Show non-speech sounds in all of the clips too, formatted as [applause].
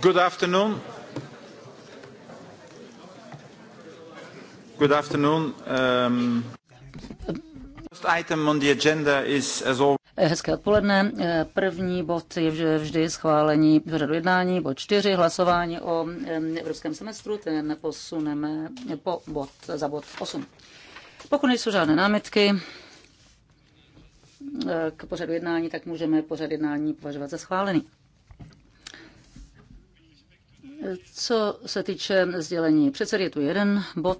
Good afternoon. Good afternoon. Um, first item on the agenda is as always. Eh, hezké odpoledne. Eh, první bod je vždy schválení pořadu jednání, bod čtyři, hlasování o evropském semestru, ten posuneme po bod, za bod 8. Pokud nejsou žádné námitky eh, k pořadu jednání, tak můžeme pořad jednání považovat za schválený. Co se týče sdělení předsedy, je tu jeden bod,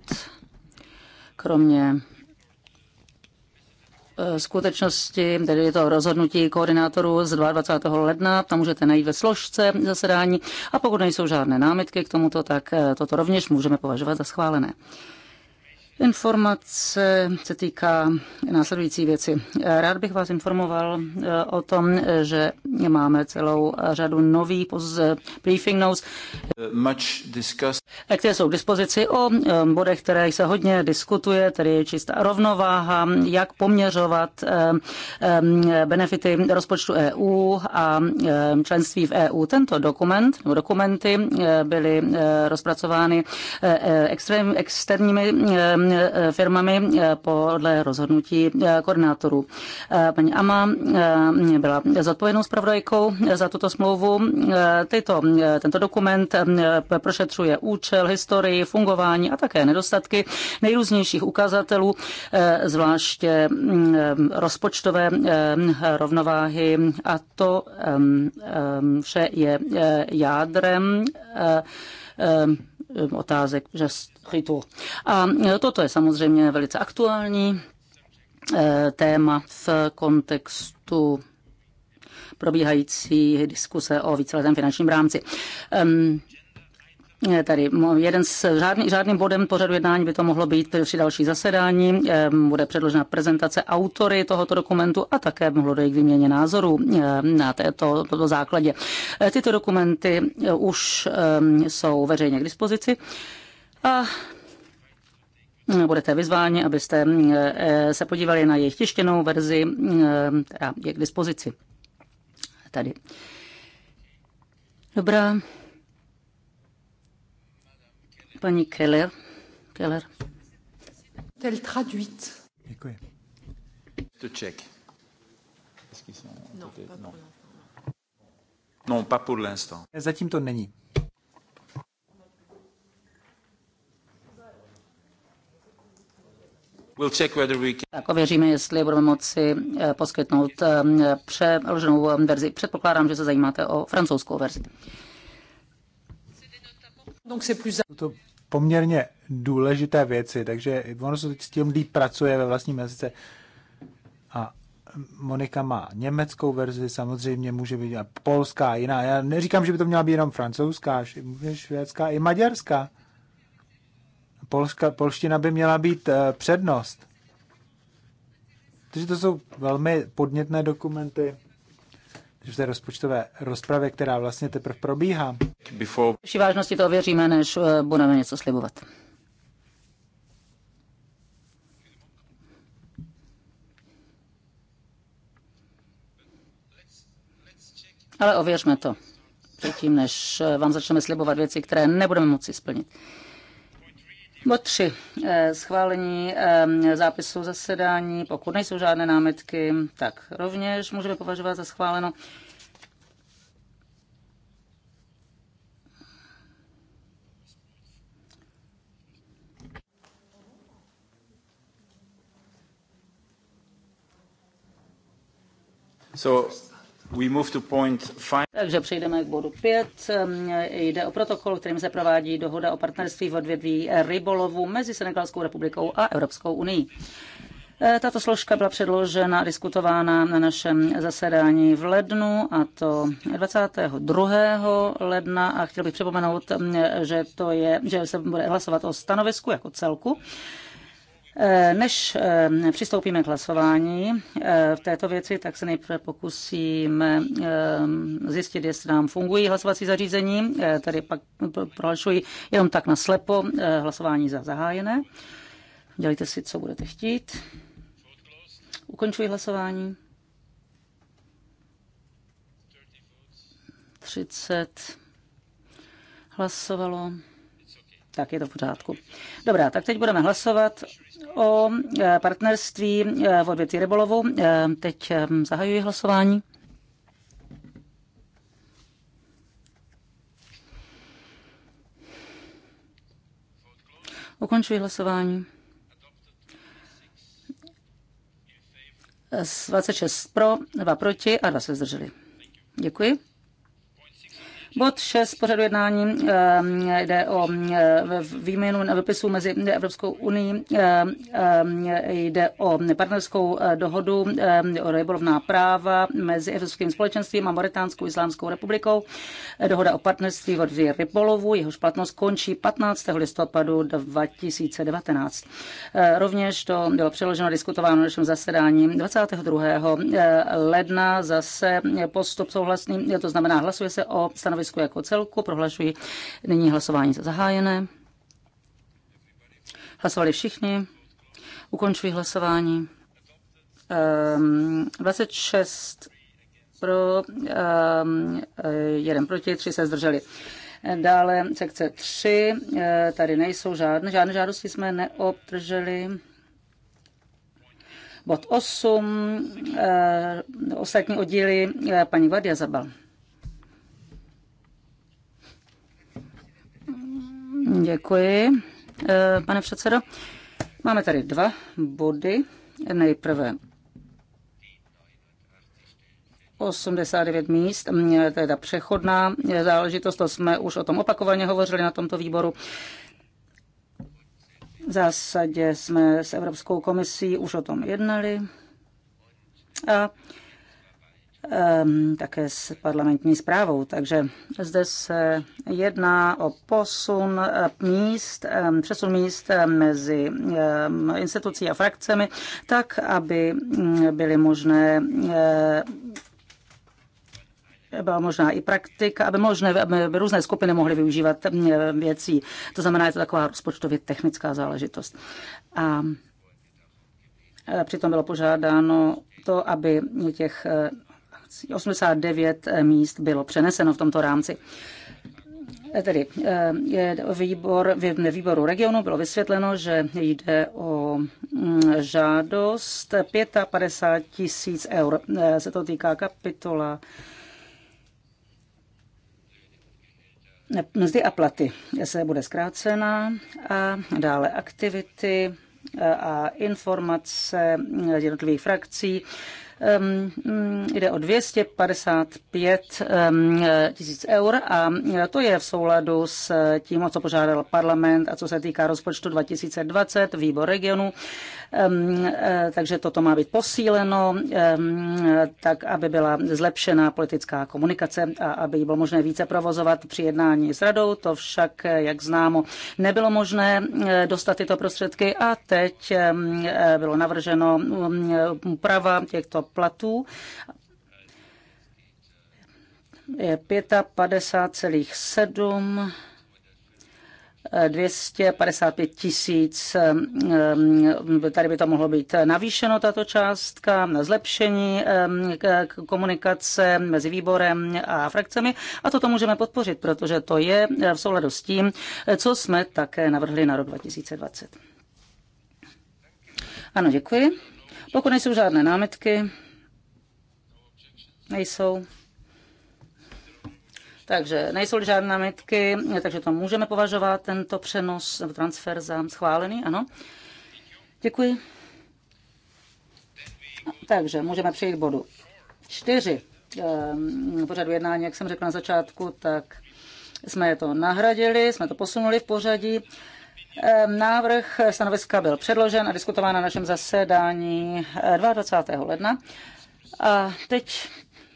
kromě e, skutečnosti, tedy je to rozhodnutí koordinátorů z 22. ledna, tam můžete najít ve složce zasedání a pokud nejsou žádné námitky k tomuto, tak e, toto rovněž můžeme považovat za schválené. Informace se týká následující věci. Rád bych vás informoval eh, o tom, že máme celou řadu nových briefing notes, eh, eh, které jsou k dispozici o bodech, které se hodně diskutuje, tedy čistá rovnováha, jak poměřovat benefity rozpočtu EU a členství v EU. Tento dokument dokumenty byly rozpracovány extrém, externími Eh, firmami eh, podle rozhodnutí eh, koordinátorů. Paní Ama byla zodpovědnou zpravodajkou za tuto smlouvu. Tyto, tento dokument prošetřuje účel, historii, fungování a také nedostatky nejrůznějších ukazatelů, zvláště mm, rozpočtové rovnováhy a to vše je jádrem Um, otázek chytů. A e, toto je samozřejmě velice aktuální e, téma v kontextu probíhající diskuse o víceletém finančním rámci tady jeden s řádný, řádným bodem pořadu jednání by to mohlo být při další zasedání. Bude předložena prezentace autory tohoto dokumentu a také mohlo dojít k výměně názorů na této, toto základě. E, tyto dokumenty e, už jsou veřejně k dispozici. A budete vyzváni, abyste e, se podívali na jejich tištěnou verzi, která je k dispozici. Tady. Dobrá. Paní Keller. Keller. Tel traduit. Děkuji. To check. No, pas pas pour l'instant. Eh, zatím to není. Tak ověříme, jestli budeme moci eh, poskytnout eh, přeloženou verzi. Předpokládám, že se zajímáte o francouzskou verzi. To poměrně důležité věci, takže ono se s tím líp pracuje ve vlastním jazyce. A Monika má německou verzi, samozřejmě může být a polská, jiná. Já neříkám, že by to měla být jenom francouzská, švédská i maďarská. Polska, polština by měla být eh, přednost. Takže to jsou velmi podnětné dokumenty v té rozpočtové rozpravě, která vlastně teprve probíhá. Vší vážnosti to ověříme, než eh, budeme něco slibovat. Ale ověřme to předtím, než eh, vám začneme slibovat věci, které nebudeme moci splnit. Bod 3. Eh, schválení ehm, zápisu zasedání. Pokud nejsou žádné námitky, tak rovněž můžeme považovat za schváleno. Takže přejdeme k bodu 5. Ehm, jde o protokol, kterým se provádí dohoda o partnerství v odvětví rybolovu mezi Senegalskou republikou a Evropskou unii. E, tato složka byla předložena a diskutována na našem zasedání v lednu, a to 22. ledna. A chtěl bych připomenout, mm, že, to je, že se bude hlasovat o stanovisku jako celku. Eh, než eh, přistoupíme k hlasování eh, v této věci, tak se nejprve pokusíme zjistit, jestli nám fungují hlasovací zařízení. Tady pak prohlašuji jenom tak na slepo hlasování za zahájené. Dělejte si, co budete chtít. Ukončuji hlasování. 30 hlasovalo. Tak je to v pořádku. Dobrá, tak teď budeme hlasovat o e, partnerství e, v odvětví rybolovu. E, teď zahajuji hlasování. Ukončuji hlasování. Z 26 pro, 2 proti a 2 se zdrželi. Děkuji. Bod 6 pořadu jednání ehm, jde o ehm, výměnu dopisů mezi Evropskou unii, ehm, jde o partnerskou eh, dohodu o rybolovná práva mezi Evropským společenstvím a Mauritánskou islámskou republikou, dohoda o partnerství v odvě rybolovu, jehož platnost končí 15. listopadu 2019. Eh, rovněž to bylo přeloženo a diskutováno na našem zasedání 22. Eh, ledna zase postup souhlasný, to znamená hlasuje se o stanovení stanovisku jako celku. Prohlašuji nyní hlasování za zahájené. Hlasovali všichni. Ukončuji hlasování. 26 ehm, pro, ehm, jeden proti, tři se zdrželi. Dále sekce 3, eh, tady nejsou žádné, žádné žádosti jsme neobdrželi. Bod 8, eh, ostatní oddíly, eh, paní Vadia Zabal. Děkuji, eh, pane předsedo. Máme tady dva body. Nejprve 89 míst, mm, to je ta přechodná záležitost, to jsme už o tom opakovaně hovořili na tomto výboru. V zásadě jsme s Evropskou komisí už o tom jednali. A Ehm, také s parlamentní zprávou. Takže zde se jedná o posun eh, míst, ehm, přesun míst eh, mezi ehm, institucí a frakcemi, tak, aby mm, byly možné eh, byla možná i praktika, aby, možné, aby různé skupiny mohly využívat mm, věcí. To znamená, je to taková rozpočtově technická záležitost. A přitom bylo požádáno to, aby těch 89 eh, míst bylo přeneseno v tomto rámci. Eh, tedy eh, je výbor, v výboru regionu bylo vysvětleno, že jde o mm, žádost 55 tisíc eur. Se to týká kapitola mzdy a platy se bude zkrácena a dále aktivity a informace jednotlivých frakcí Ehm, mm, jde o 255 ehm, tisíc eur a to je v souladu s tím, o co požádal parlament a co se týká rozpočtu 2020, výbor regionu E, takže toto má být posíleno, tak aby byla zlepšená politická komunikace a aby ji bylo možné více provozovat při jednání s radou. To však, jak známo, nebylo možné dostat tyto prostředky a teď e, bylo navrženo úprava těchto platů Je 55,7 255 tisíc, tady by to mohlo být navýšeno tato částka na zlepšení komunikace mezi výborem a frakcemi a toto můžeme podpořit, protože to je v souladu s tím, co jsme také navrhli na rok 2020. Ano, děkuji. Pokud nejsou žádné námitky, nejsou. Takže nejsou žádné námitky, takže to můžeme považovat, tento přenos nebo transfer za schválený, ano. Děkuji. Takže můžeme přejít k bodu čtyři. Ehm, pořadu jednání, jak jsem řekl na začátku, tak jsme to nahradili, jsme to posunuli v pořadí. Ehm, návrh stanoviska byl předložen a diskutován na našem zasedání 22. Eh, ledna. A teď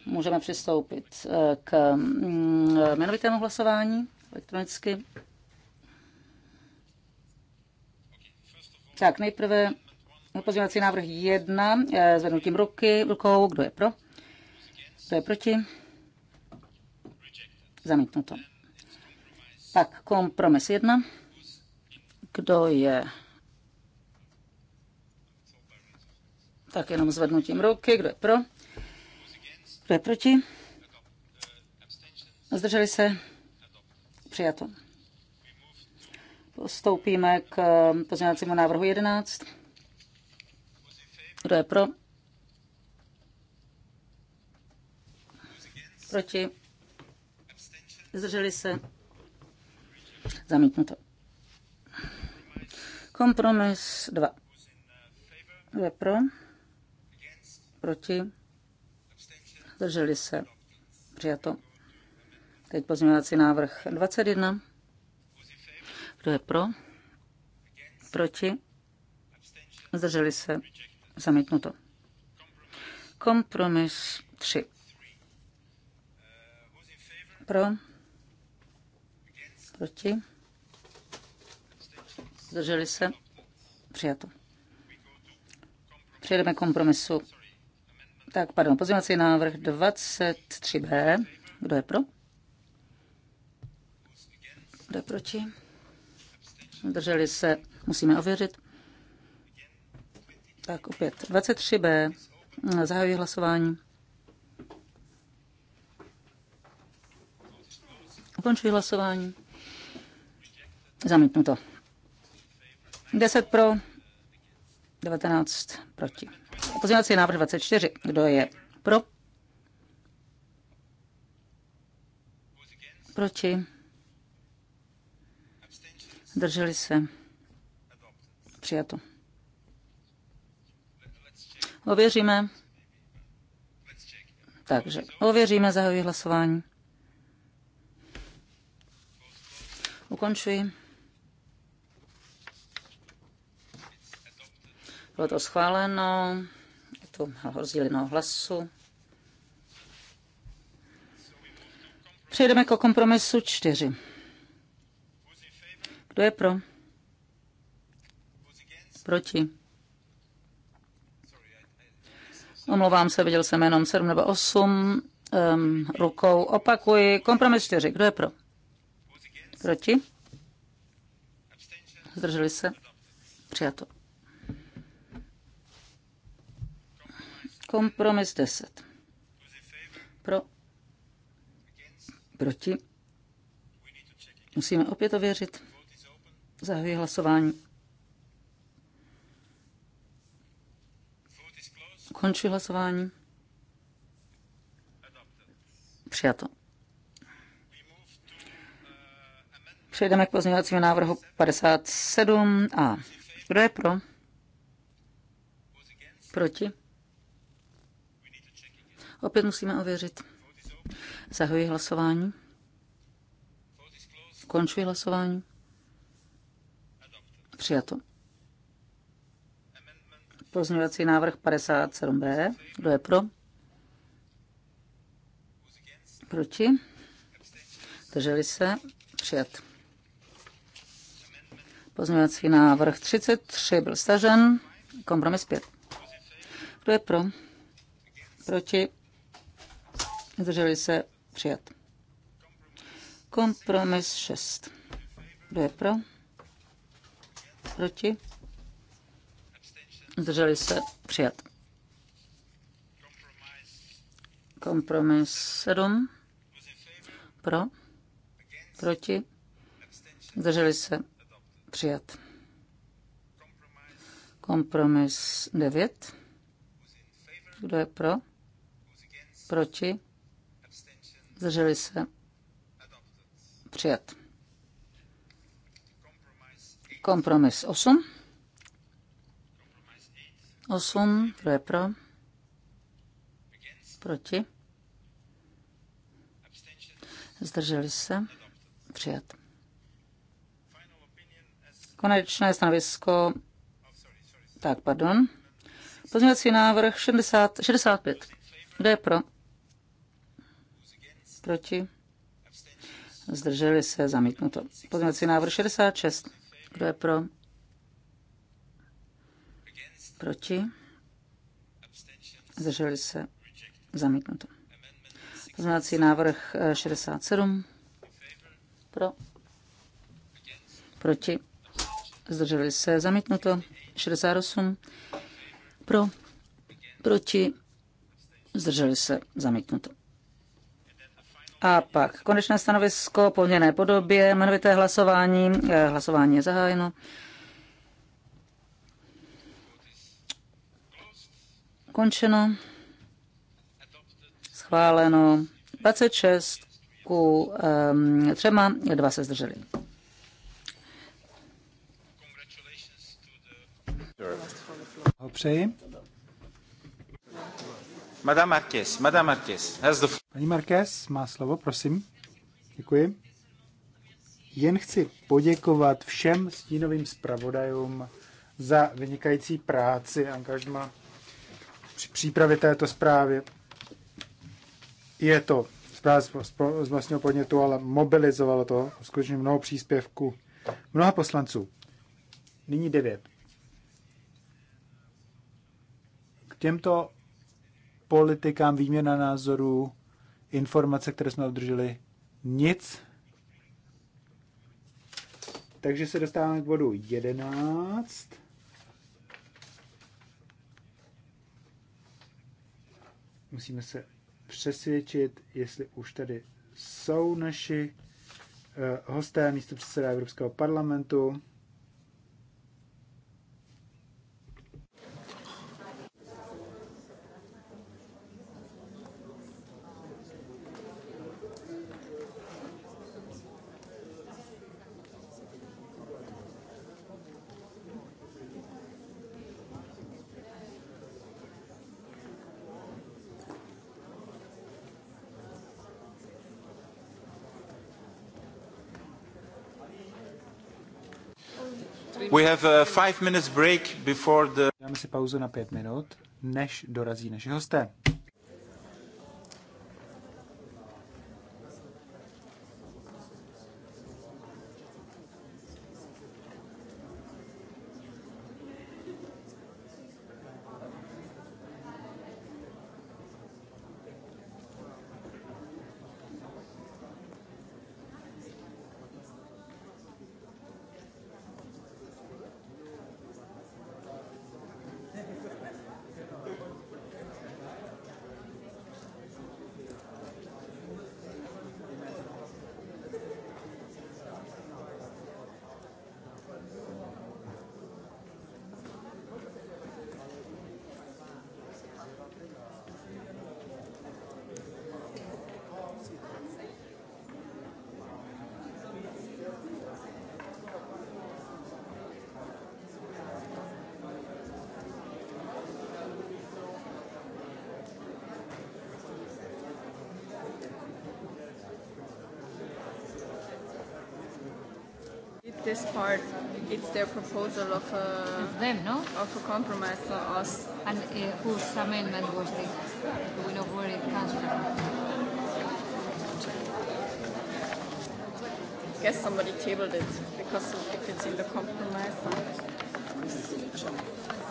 můžeme přistoupit eh, k mm, eh, jmenovitému hlasování elektronicky. Tak nejprve pozměňovací návrh 1 eh, zvednutím ruky, rukou. Kdo je pro? Kdo je proti? Zamítnuto. Pak kompromis 1. Kdo je tak jenom zvednutím ruky, kdo je pro? Kdo je proti? Zdrželi se? Přijato. Postoupíme k pozměňovacímu návrhu 11. Kdo je pro? Proti? Zdrželi se? Zamítnuto. Kompromis 2. Kdo je pro? Proti? zdrželi se, přijato. Teď pozměňovací návrh 21. Kdo je pro? Proti? Zdrželi se, zamítnuto. Kompromis 3. Pro? Proti? Zdrželi se? Přijato. Přijedeme kompromisu tak, pardon, pozměňovací návrh 23b. Kdo je pro? Kdo je proti? Drželi se, musíme ověřit. Tak opět 23b. Zahajuji hlasování. Ukončuji hlasování. Zamítnuto. 10 pro, 19 proti. Pozměňovací návrh 24. Kdo je pro? Proti? Drželi se? Přijato. Ověříme. Takže ověříme, zahajuji hlasování. Ukončuji. Bylo to schváleno tu rozdílenou hlasu. Přejdeme k kompromisu čtyři. Kdo je pro? Proti? Omlouvám se, viděl jsem jenom 7 nebo 8. Um, rukou opakuji. Kompromis 4. Kdo je pro? Proti? Zdrželi se? Přijato. Kompromis 10. Pro. Proti. Musíme opět ověřit. Zahajuji hlasování. Končuji hlasování. Přijato. Přejdeme k pozměňovacímu návrhu 57a. Kdo je pro? Proti? Opět musíme ověřit. Zahajuji hlasování. Končuji hlasování. Přijato. Pozměňovací návrh 57b. Kdo je pro? Proti? Drželi se? Přijat. Pozměňovací návrh 33 byl stažen. Kompromis 5. Kdo je pro? Proti? Zdrželi se přijat. Kompromis 6. Kdo je pro? Proti? Zdrželi se přijat. Kompromis 7. Pro? Proti? Zdrželi se přijat. Kompromis 9. Kdo je pro? Proti? Zdrželi se? Přijat. Kompromis 8. 8, kdo je pro? Proti? Zdrželi se? Přijat. Konečné stanovisko. Tak, pardon. Pozměňovací návrh 60, 65. Kdo je pro? Proti? Zdrželi se zamítnuto. Pozměňovací návrh 66. Kdo je pro? Proti? Zdrželi se zamítnuto. Pozměňovací návrh 67. Pro? Proti? Zdrželi se zamítnuto. 68. Pro? Proti? Zdrželi se zamítnuto. A pak konečné stanovisko po měné podobě, jmenovité hlasování. Eh, hlasování je zahájeno. Končeno. Schváleno. 26 ku um, třema, dva se zdrželi. Přeji Madame Marquez, Madame Marquez, has the... Paní Marquez má slovo, prosím. Děkuji. Jen chci poděkovat všem stínovým zpravodajům za vynikající práci, angažma při přípravě této zprávy. Je to zpráva z vlastního podnětu, ale mobilizovalo to skutečně mnoho příspěvků mnoha poslanců. Nyní devět. K těmto politikám, výměna názorů, informace, které jsme obdrželi, nic. Takže se dostáváme k bodu 11. Musíme se přesvědčit, jestli už tady jsou naši eh, hosté, místo předseda Evropského parlamentu. We have a five minutes break before the... Dáme si pauzu na pět minut, než dorazí naši hosté. their proposal of a, uh, them, no? of a compromise for us. And uh, whose amendment was this? Do we know where it comes from? I guess somebody tabled it because if it's in the compromise.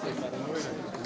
Then...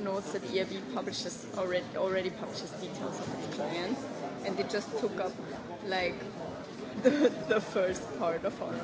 notes that EIB publishes already already publishes details of its clients, and they just took up like [laughs] the, the first part of our.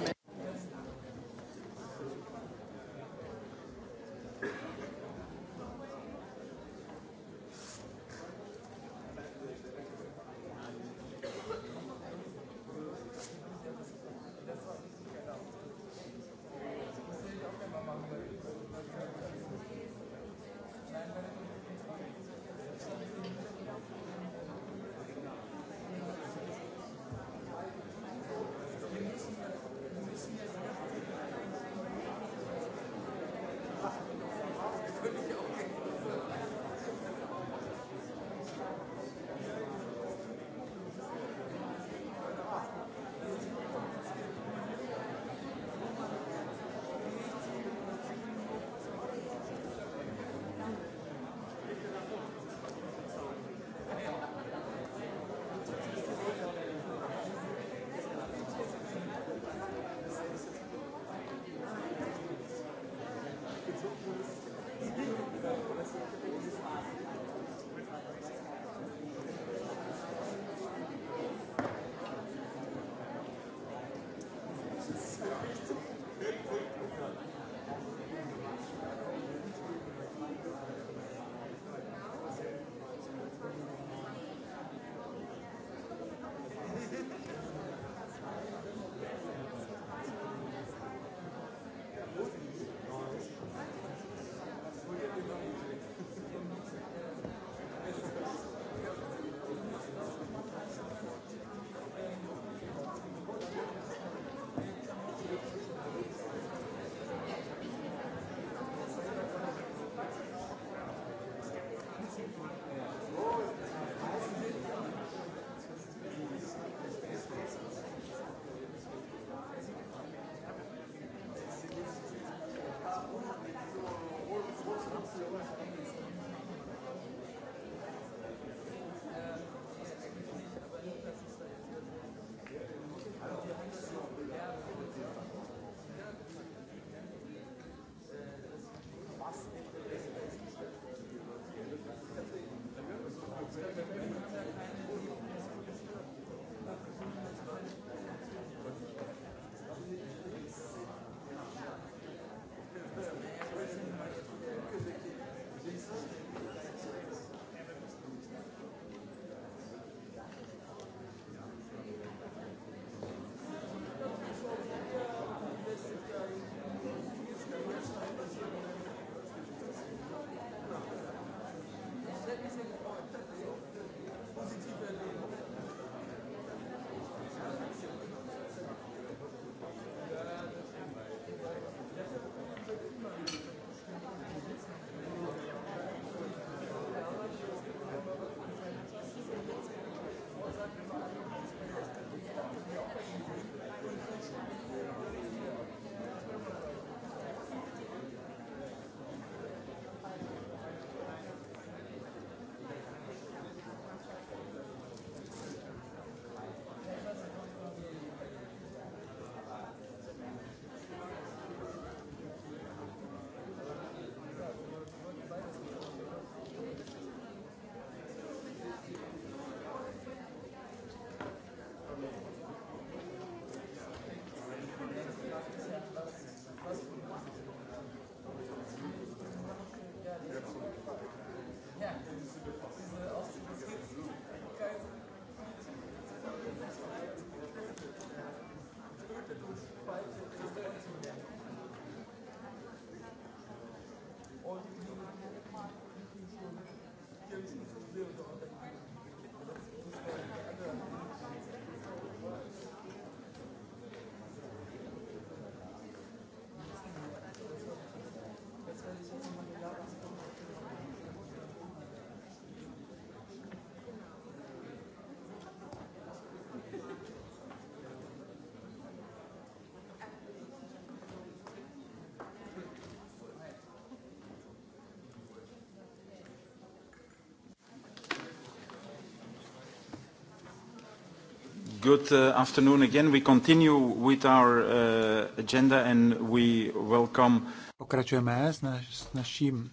Good uh, afternoon again. We continue with our uh, agenda and we welcome... Pokračujeme s, naš, s naším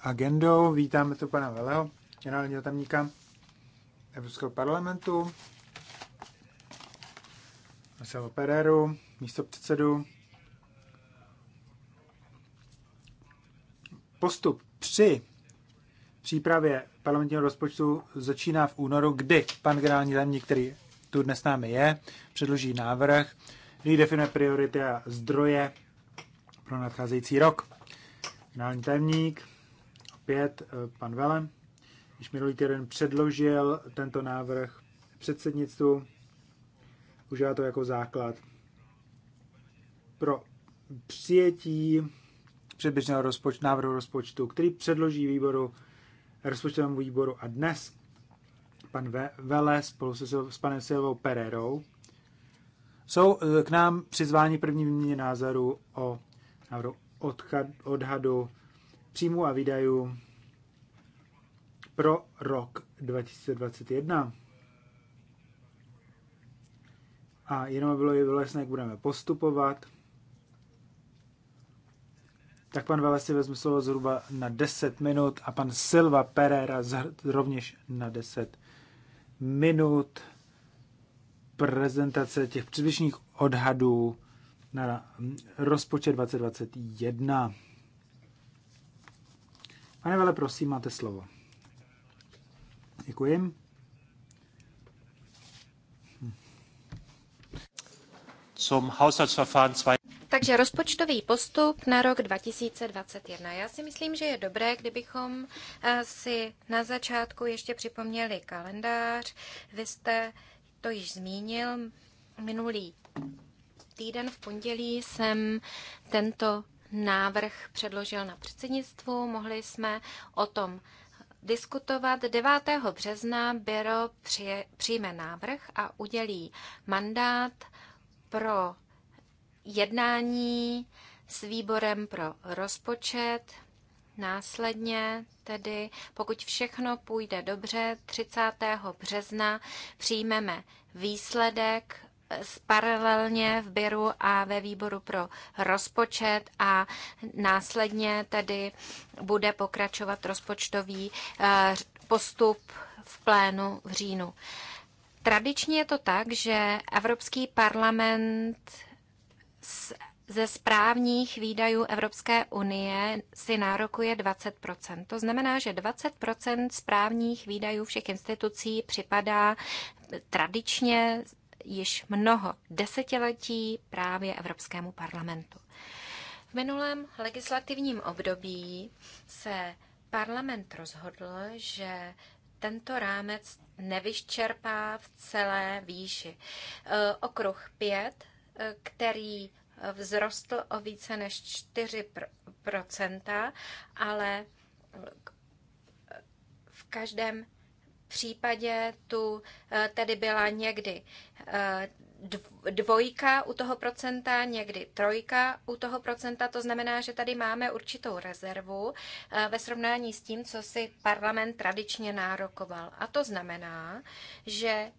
agendou. Vítáme tu pana Veleho, generálního tamníka Evropského parlamentu, Marcelo Pereru, místo předsedu. Postup při přípravě parlamentního rozpočtu začíná v únoru, kdy pan generální tajemník, který tu dnes s námi je, předloží návrh, který definuje priority a zdroje pro nadcházející rok. Finální tajemník, opět eh, pan Vele, již minulý týden předložil tento návrh předsednictvu, užívá to jako základ pro přijetí předběžného rozpočtu, návrhu rozpočtu, který předloží výboru, rozpočtovému výboru a dnes pan Vele spolu se, s panem Silvou Pererou. Jsou eh, k nám přizváni první výměně názoru o odchad, odhadu příjmu a výdajů pro rok 2021. A jenom bylo bylo jasné, jak budeme postupovat. Tak pan Vele si vezme slovo zhruba na 10 minut a pan Silva Pereira rovněž na 10 minut prezentace těch přibližných odhadů na rozpočet 2021. Pane Vele, prosím, máte slovo. Děkuji. Zum Haushaltsverfahren 2. Takže rozpočtový postup na rok 2021. Já si myslím, že je dobré, kdybychom eh, si na začátku ještě připomněli kalendář. Vy jste to již zmínil minulý týden v pondělí jsem tento návrh předložil na předsednictvu. Mohli jsme o tom diskutovat. 9. března Biro přijme návrh a udělí mandát pro jednání s výborem pro rozpočet. Následně tedy, pokud všechno půjde dobře, 30. března přijmeme výsledek eh, paralelně v Biru a ve výboru pro rozpočet a následně tedy bude pokračovat rozpočtový eh, postup v plénu v říjnu. Tradičně je to tak, že Evropský parlament ze správních výdajů Evropské unie si nárokuje 20 To znamená, že 20 správních výdajů všech institucí připadá tradičně již mnoho desetiletí právě Evropskému parlamentu. V minulém legislativním období se parlament rozhodl, že tento rámec nevyščerpá v celé výši. E, okruh 5 který vzrostl o více než 4 ale v každém případě tu eh, tedy byla někdy eh, dvojka u toho procenta, někdy trojka u toho procenta. To znamená, že tady máme určitou rezervu eh, ve srovnání s tím, co si parlament tradičně nárokoval. A to znamená, že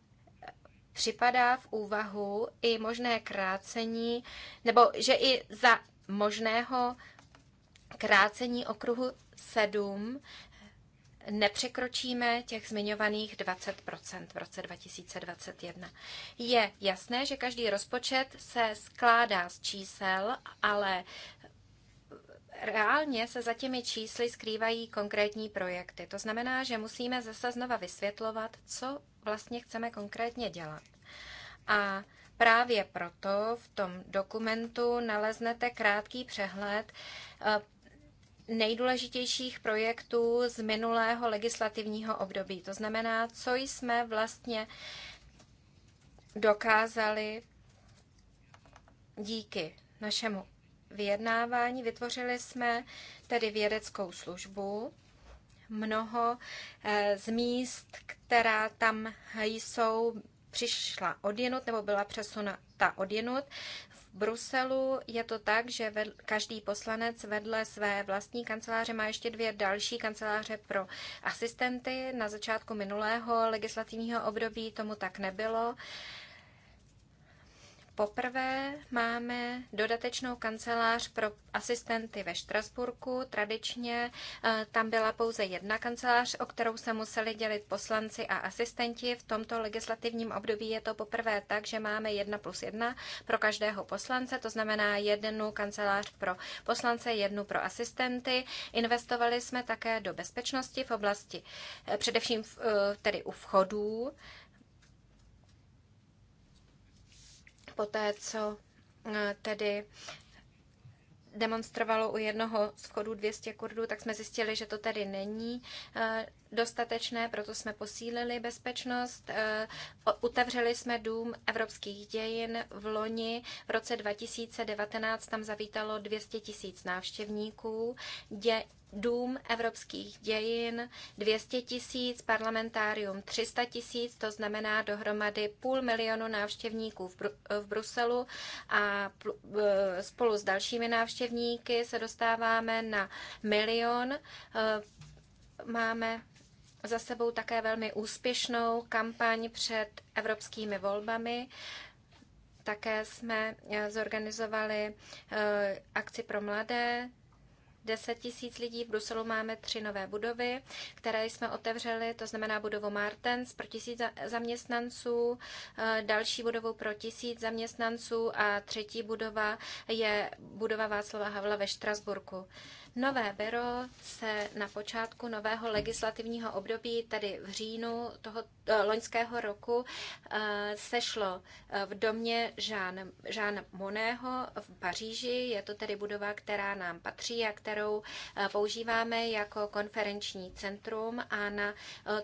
připadá v úvahu i možné krácení, nebo že i za možného krácení okruhu 7 nepřekročíme těch zmiňovaných 20 v roce 2021. Je jasné, že každý rozpočet se skládá z čísel, ale reálně se za těmi čísly skrývají konkrétní projekty. To znamená, že musíme zase znova vysvětlovat, co vlastně chceme konkrétně dělat. A právě proto v tom dokumentu naleznete krátký přehled eh, nejdůležitějších projektů z minulého legislativního období. To znamená, co jsme vlastně dokázali díky našemu vyjednávání. Vytvořili jsme tedy vědeckou službu, mnoho eh, z míst, která tam jsou, přišla odjenut nebo byla přesunuta odjenut. V Bruselu je to tak, že každý poslanec vedle své vlastní kanceláře má ještě dvě další kanceláře pro asistenty. Na začátku minulého legislativního období tomu tak nebylo. Poprvé máme dodatečnou kancelář pro asistenty ve Štrasburku. Tradičně eh, tam byla pouze jedna kancelář, o kterou se museli dělit poslanci a asistenti. V tomto legislativním období je to poprvé tak, že máme jedna plus jedna pro každého poslance, to znamená jednu kancelář pro poslance, jednu pro asistenty. Investovali jsme také do bezpečnosti v oblasti, eh, především eh, tedy u vchodů. poté co eh, tedy demonstrovalo u jednoho z vchodů 200 Kurdů, tak jsme zjistili, že to tedy není eh, dostatečné, proto jsme posílili bezpečnost. Utevřeli eh, jsme Dům evropských dějin v loni. V roce 2019 tam zavítalo 200 tisíc návštěvníků. Dě, dům evropských dějin 200 tisíc, parlamentárium 300 tisíc, to znamená dohromady půl milionu návštěvníků v, Bru- v Bruselu a e, spolu s dalšími návštěvníky se dostáváme na milion. E, máme za sebou také velmi úspěšnou kampaň před evropskými volbami. Také jsme e, zorganizovali akci pro mladé, 10 tisíc lidí. V Bruselu máme tři nové budovy, které jsme otevřeli, to znamená budovu Martens pro tisíc zaměstnanců, eh, další budovu pro tisíc zaměstnanců a třetí budova je budova Václava Havla ve Štrasburku. Nové bero se na počátku nového legislativního období, tedy v říjnu toho eh, loňského roku, eh, sešlo eh, v domě Jean, Jean Moného v Paříži. Je to tedy budova, která nám patří a kterou používáme jako konferenční centrum. A na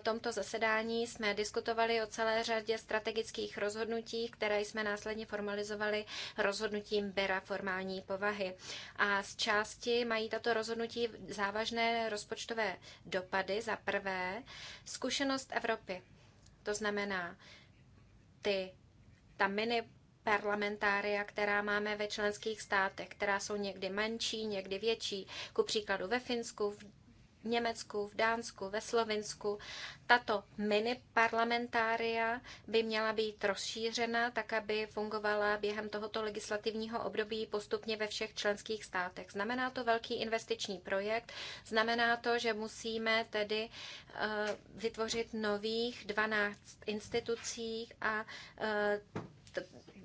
tomto zasedání jsme diskutovali o celé řadě strategických rozhodnutí, které jsme následně formalizovali rozhodnutím Bera formální povahy. A z části mají tato rozhodnutí závažné rozpočtové dopady. Za prvé, zkušenost Evropy. To znamená, ty, ta mini parlamentária, která máme ve členských státech, která jsou někdy menší, někdy větší, ku příkladu ve Finsku, v Německu, v Dánsku, ve Slovensku. Tato mini parlamentária by měla být rozšířena tak, aby fungovala během tohoto legislativního období postupně ve všech členských státech. Znamená to velký investiční projekt, znamená to, že musíme tedy eh, vytvořit nových 12 institucí a eh,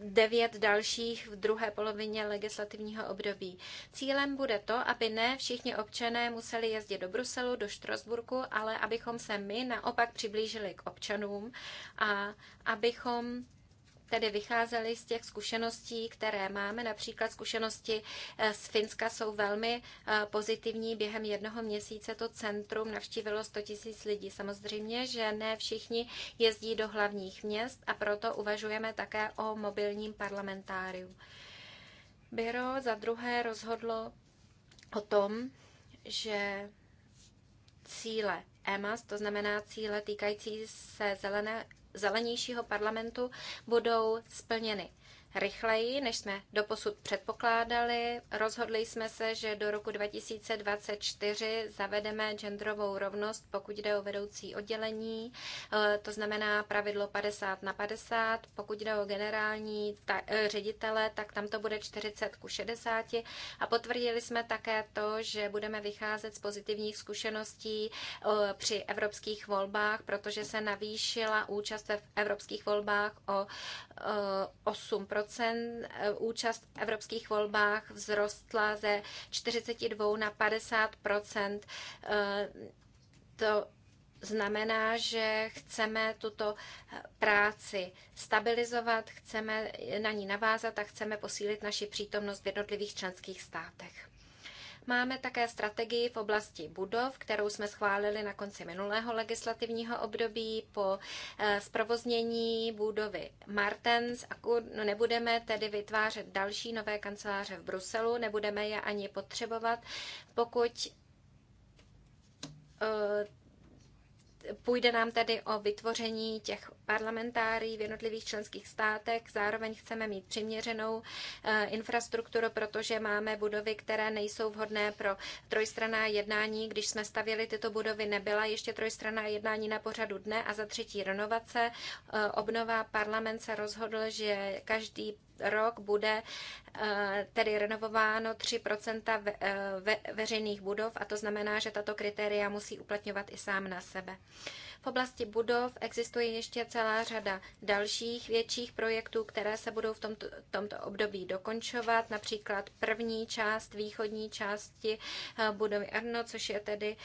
devět dalších v druhé polovině legislativního období. Cílem bude to, aby ne všichni občané museli jezdit do Bruselu, do Štrasburku, ale abychom se my naopak přiblížili k občanům a abychom tedy vycházeli z těch zkušeností, které máme. Například zkušenosti eh, z Finska jsou velmi eh, pozitivní. Během jednoho měsíce to centrum navštívilo 100 000 lidí. Samozřejmě, že ne všichni jezdí do hlavních měst a proto uvažujeme také o mobilním parlamentáriu. Byro za druhé rozhodlo o tom, že cíle EMAS, to znamená cíle týkající se zelené zelenějšího parlamentu budou splněny rychleji, než jsme doposud předpokládali. Rozhodli jsme se, že do roku 2024 zavedeme genderovou rovnost, pokud jde o vedoucí oddělení, eh, to znamená pravidlo 50 na 50. Pokud jde o generální ta, eh, ředitele, tak tam to bude 40 ku 60. A potvrdili jsme také to, že budeme vycházet z pozitivních zkušeností eh, při evropských volbách, protože se navýšila účast v evropských volbách o 8 Eh, účast v evropských volbách vzrostla ze 42 na 50 eh, To znamená, že chceme tuto eh, práci stabilizovat, chceme na ní navázat a chceme posílit naši přítomnost v jednotlivých členských státech. Máme také strategii v oblasti budov, kterou jsme schválili na konci minulého legislativního období po eh, zprovoznění budovy Martens. No, nebudeme tedy vytvářet další nové kanceláře v Bruselu, nebudeme je ani potřebovat, pokud eh, Půjde nám tedy o vytvoření těch parlamentáří v jednotlivých členských státech. Zároveň chceme mít přiměřenou eh, infrastrukturu, protože máme budovy, které nejsou vhodné pro trojstraná jednání. Když jsme stavěli tyto budovy, nebyla ještě trojstraná jednání na pořadu dne. A za třetí renovace. Eh, obnova parlament se rozhodl, že každý rok bude eh, tedy renovováno 3 ve, eh, ve, veřejných budov a to znamená, že tato kritéria musí uplatňovat i sám na sebe. V oblasti budov existuje ještě celá řada dalších větších projektů, které se budou v tomto, tomto období dokončovat, například první část východní části eh, budovy Arno, což je tedy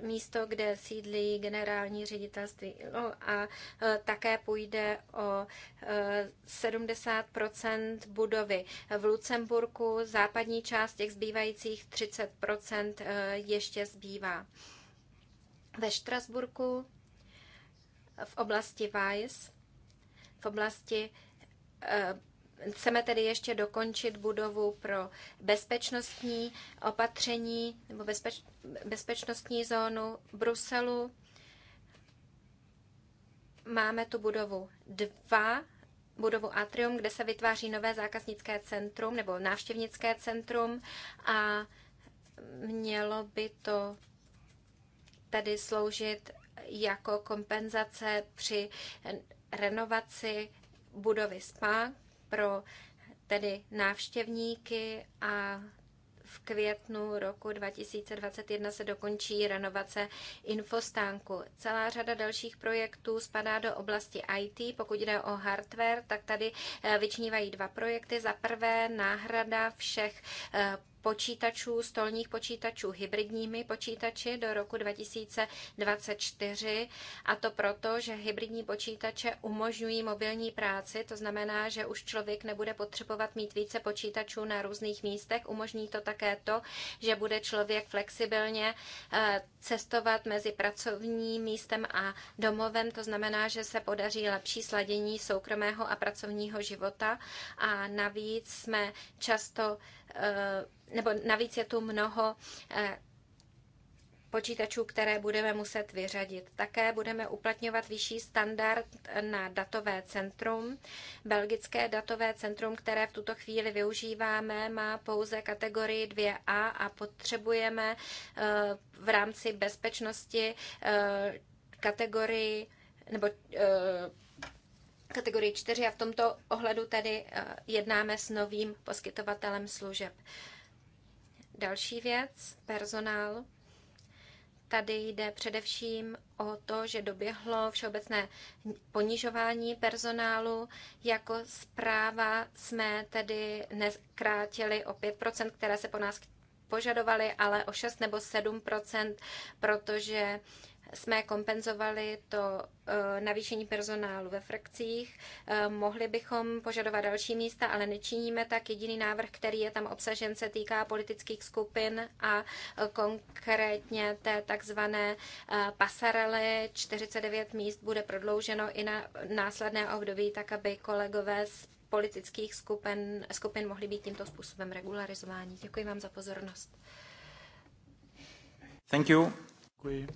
místo, kde sídlí generální ředitelství. No a e, také půjde o 70 e, budovy v Lucemburku, západní část těch zbývajících 30 e, ještě zbývá. Ve Štrasburku v oblasti Weiss, v oblasti Chceme tedy ještě dokončit budovu pro bezpečnostní opatření nebo bezpeč, bezpečnostní zónu Bruselu. Máme tu budovu 2, budovu Atrium, kde se vytváří nové zákaznické centrum nebo návštěvnické centrum a mělo by to tady sloužit jako kompenzace při renovaci budovy SPA, pro tedy návštěvníky a v květnu roku 2021 se dokončí renovace infostánku. Celá řada dalších projektů spadá do oblasti IT. Pokud jde o hardware, tak tady eh, vyčnívají dva projekty. Za prvé náhrada všech eh, počítačů, stolních počítačů hybridními počítači do roku 2024 a to proto, že hybridní počítače umožňují mobilní práci, to znamená, že už člověk nebude potřebovat mít více počítačů na různých místech. Umožní to také to, že bude člověk flexibilně eh, cestovat mezi pracovním místem a domovem, to znamená, že se podaří lepší sladění soukromého a pracovního života a navíc jsme často Eh, nebo navíc je tu mnoho eh, počítačů, které budeme muset vyřadit. Také budeme uplatňovat vyšší standard na datové centrum. Belgické datové centrum, které v tuto chvíli využíváme, má pouze kategorii 2A a potřebujeme eh, v rámci bezpečnosti kategorii nebo kategorii 4 a v tomto ohledu tedy eh, jednáme s novým poskytovatelem služeb. Další věc, personál. Tady jde především o to, že doběhlo všeobecné ponižování personálu. Jako zpráva jsme tedy nekrátili o 5%, které se po nás požadovali, ale o 6 nebo 7%, protože jsme kompenzovali to eh, navýšení personálu ve frakcích. Eh, mohli bychom požadovat další místa, ale nečiníme tak. Jediný návrh, který je tam obsažen, se týká politických skupin a eh, konkrétně té takzvané pasarely. 49 míst bude prodlouženo i na následné období, tak aby kolegové z politických skupin, skupin mohly být tímto způsobem regularizováni. Děkuji vám za pozornost. Thank you. Děkuji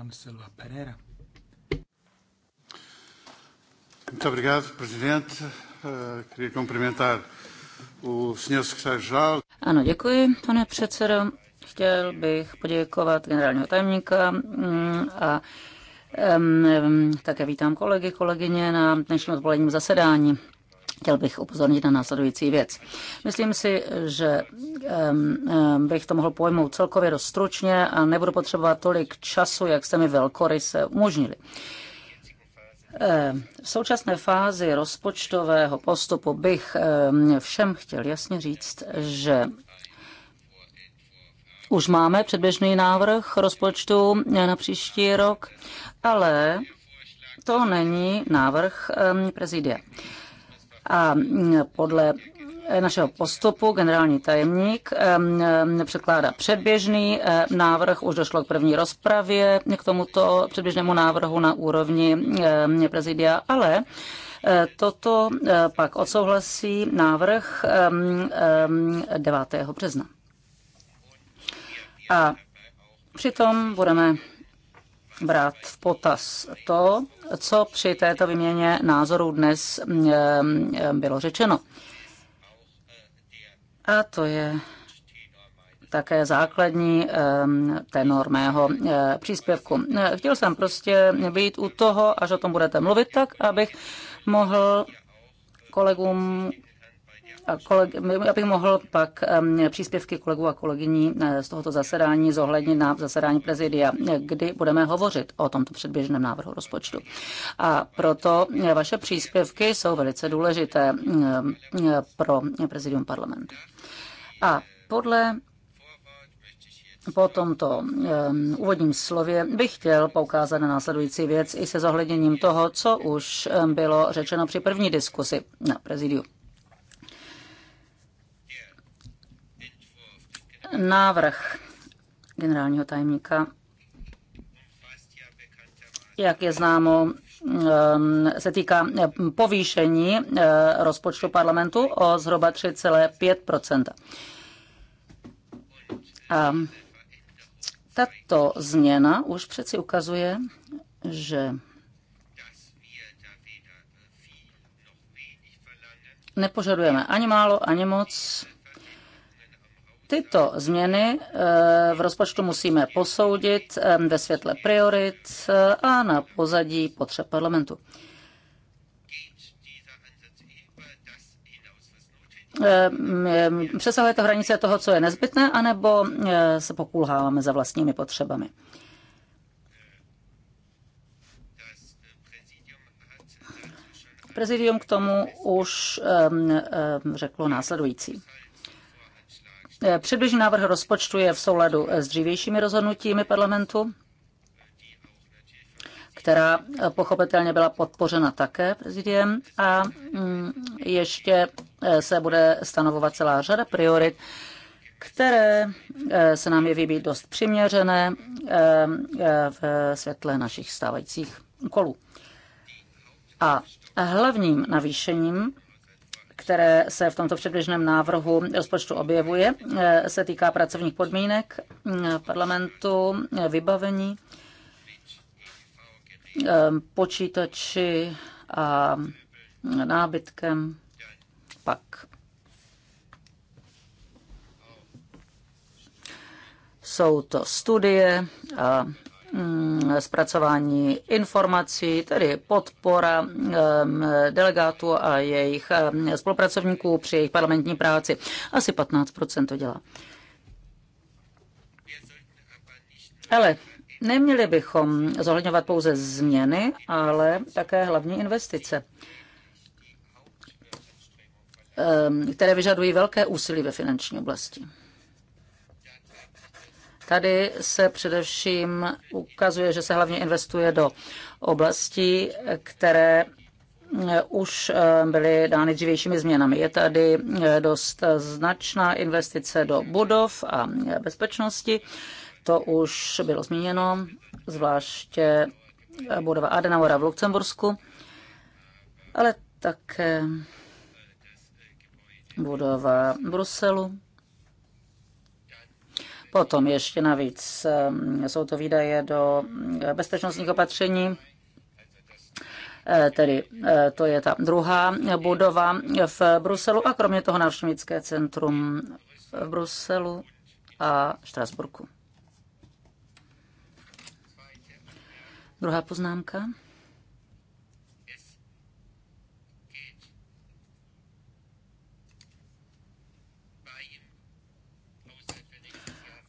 pan Silva Pereira. Muito obrigado, presidente. Uh, Queria cumprimentar o senhor secretário-geral. Ano, děkuji, pane předsedo. Chtěl bych poděkovat generálního tajemníka mm, a um, také vítám kolegy, kolegyně na dnešním odpoledním zasedání. Chtěl bych upozornit na následující věc. Myslím si, že bych to mohl pojmout celkově dost stručně a nebudu potřebovat tolik času, jak jste mi velkoryse umožnili. Eh, v současné fázi rozpočtového postupu bych všem chtěl jasně říct, že už máme předběžný návrh rozpočtu na příští rok, ale to není návrh prezidia a mm, podle našeho postupu generální tajemník překládá předběžný návrh, už došlo k první rozpravě k tomuto předběžnému návrhu na úrovni prezidia, ale e, toto e, pak odsouhlasí návrh 9. března. A přitom budeme brát v potaz to, co při této vyměně názorů dnes mm, mm, bylo řečeno. A to je také základní mm, tenor mého příspěvku. Chtěl jsem prostě být u toho, až o tom budete mluvit, tak abych mohl kolegům, koleg, bych mohl pak příspěvky kolegů a kolegyní eh, z tohoto zasedání zohlednit na zasedání prezidia, kdy budeme hovořit o tomto předběžném návrhu rozpočtu. A proto eh, vaše příspěvky jsou velice důležité eh, pro prezidium parlamentu. A podle po tomto um, úvodním slově bych chtěl poukázat na následující věc i se zohledněním toho, co už bylo řečeno při první diskusi na prezidiu. návrh generálního tajemníka, jak je známo, se týká povýšení rozpočtu parlamentu o zhruba 3,5 A tato změna už přeci ukazuje, že nepožadujeme ani málo, ani moc. Tyto změny eh, v rozpočtu musíme posoudit eh, ve světle priorit eh, a na pozadí potřeb parlamentu. Přesahuje to hranice toho, co je nezbytné, anebo se pokulháváme za vlastními potřebami. Prezidium k tomu už řeklo následující. Eh, předběžný návrh rozpočtu je v souladu eh, s dřívějšími rozhodnutími parlamentu, která eh, pochopitelně byla podpořena také prezidiem a mm, ještě se bude stanovovat celá řada priorit, které se nám je být dost přiměřené v světle našich stávajících úkolů. A hlavním navýšením které se v tomto předběžném návrhu rozpočtu objevuje, eh, se týká pracovních podmínek eh, parlamentu, eh, vybavení, počítači a nábytkem. Pak jsou to studie a Mm, zpracování informací, tedy podpora delegátů a jejich spolupracovníků při jejich parlamentní práci. Asi 15% to dělá. Ale neměli bychom zohledňovat pouze změny, ale také hlavní investice které vyžadují velké úsilí ve finanční oblasti. Tady se především ukazuje, že se hlavně investuje do oblastí, které eh, už eh, byly dány dřívějšími změnami. Je tady eh, dost značná investice do budov a bezpečnosti. To už bylo zmíněno, zvláště budova Adenauera v Lucembursku, ale také budova Bruselu Potom ještě navíc jsou to výdaje do eh, bezpečnostních opatření, eh, tedy eh, to je ta druhá budova v Bruselu a kromě toho návštěvnické centrum v Bruselu a Štrasburku. Druhá poznámka.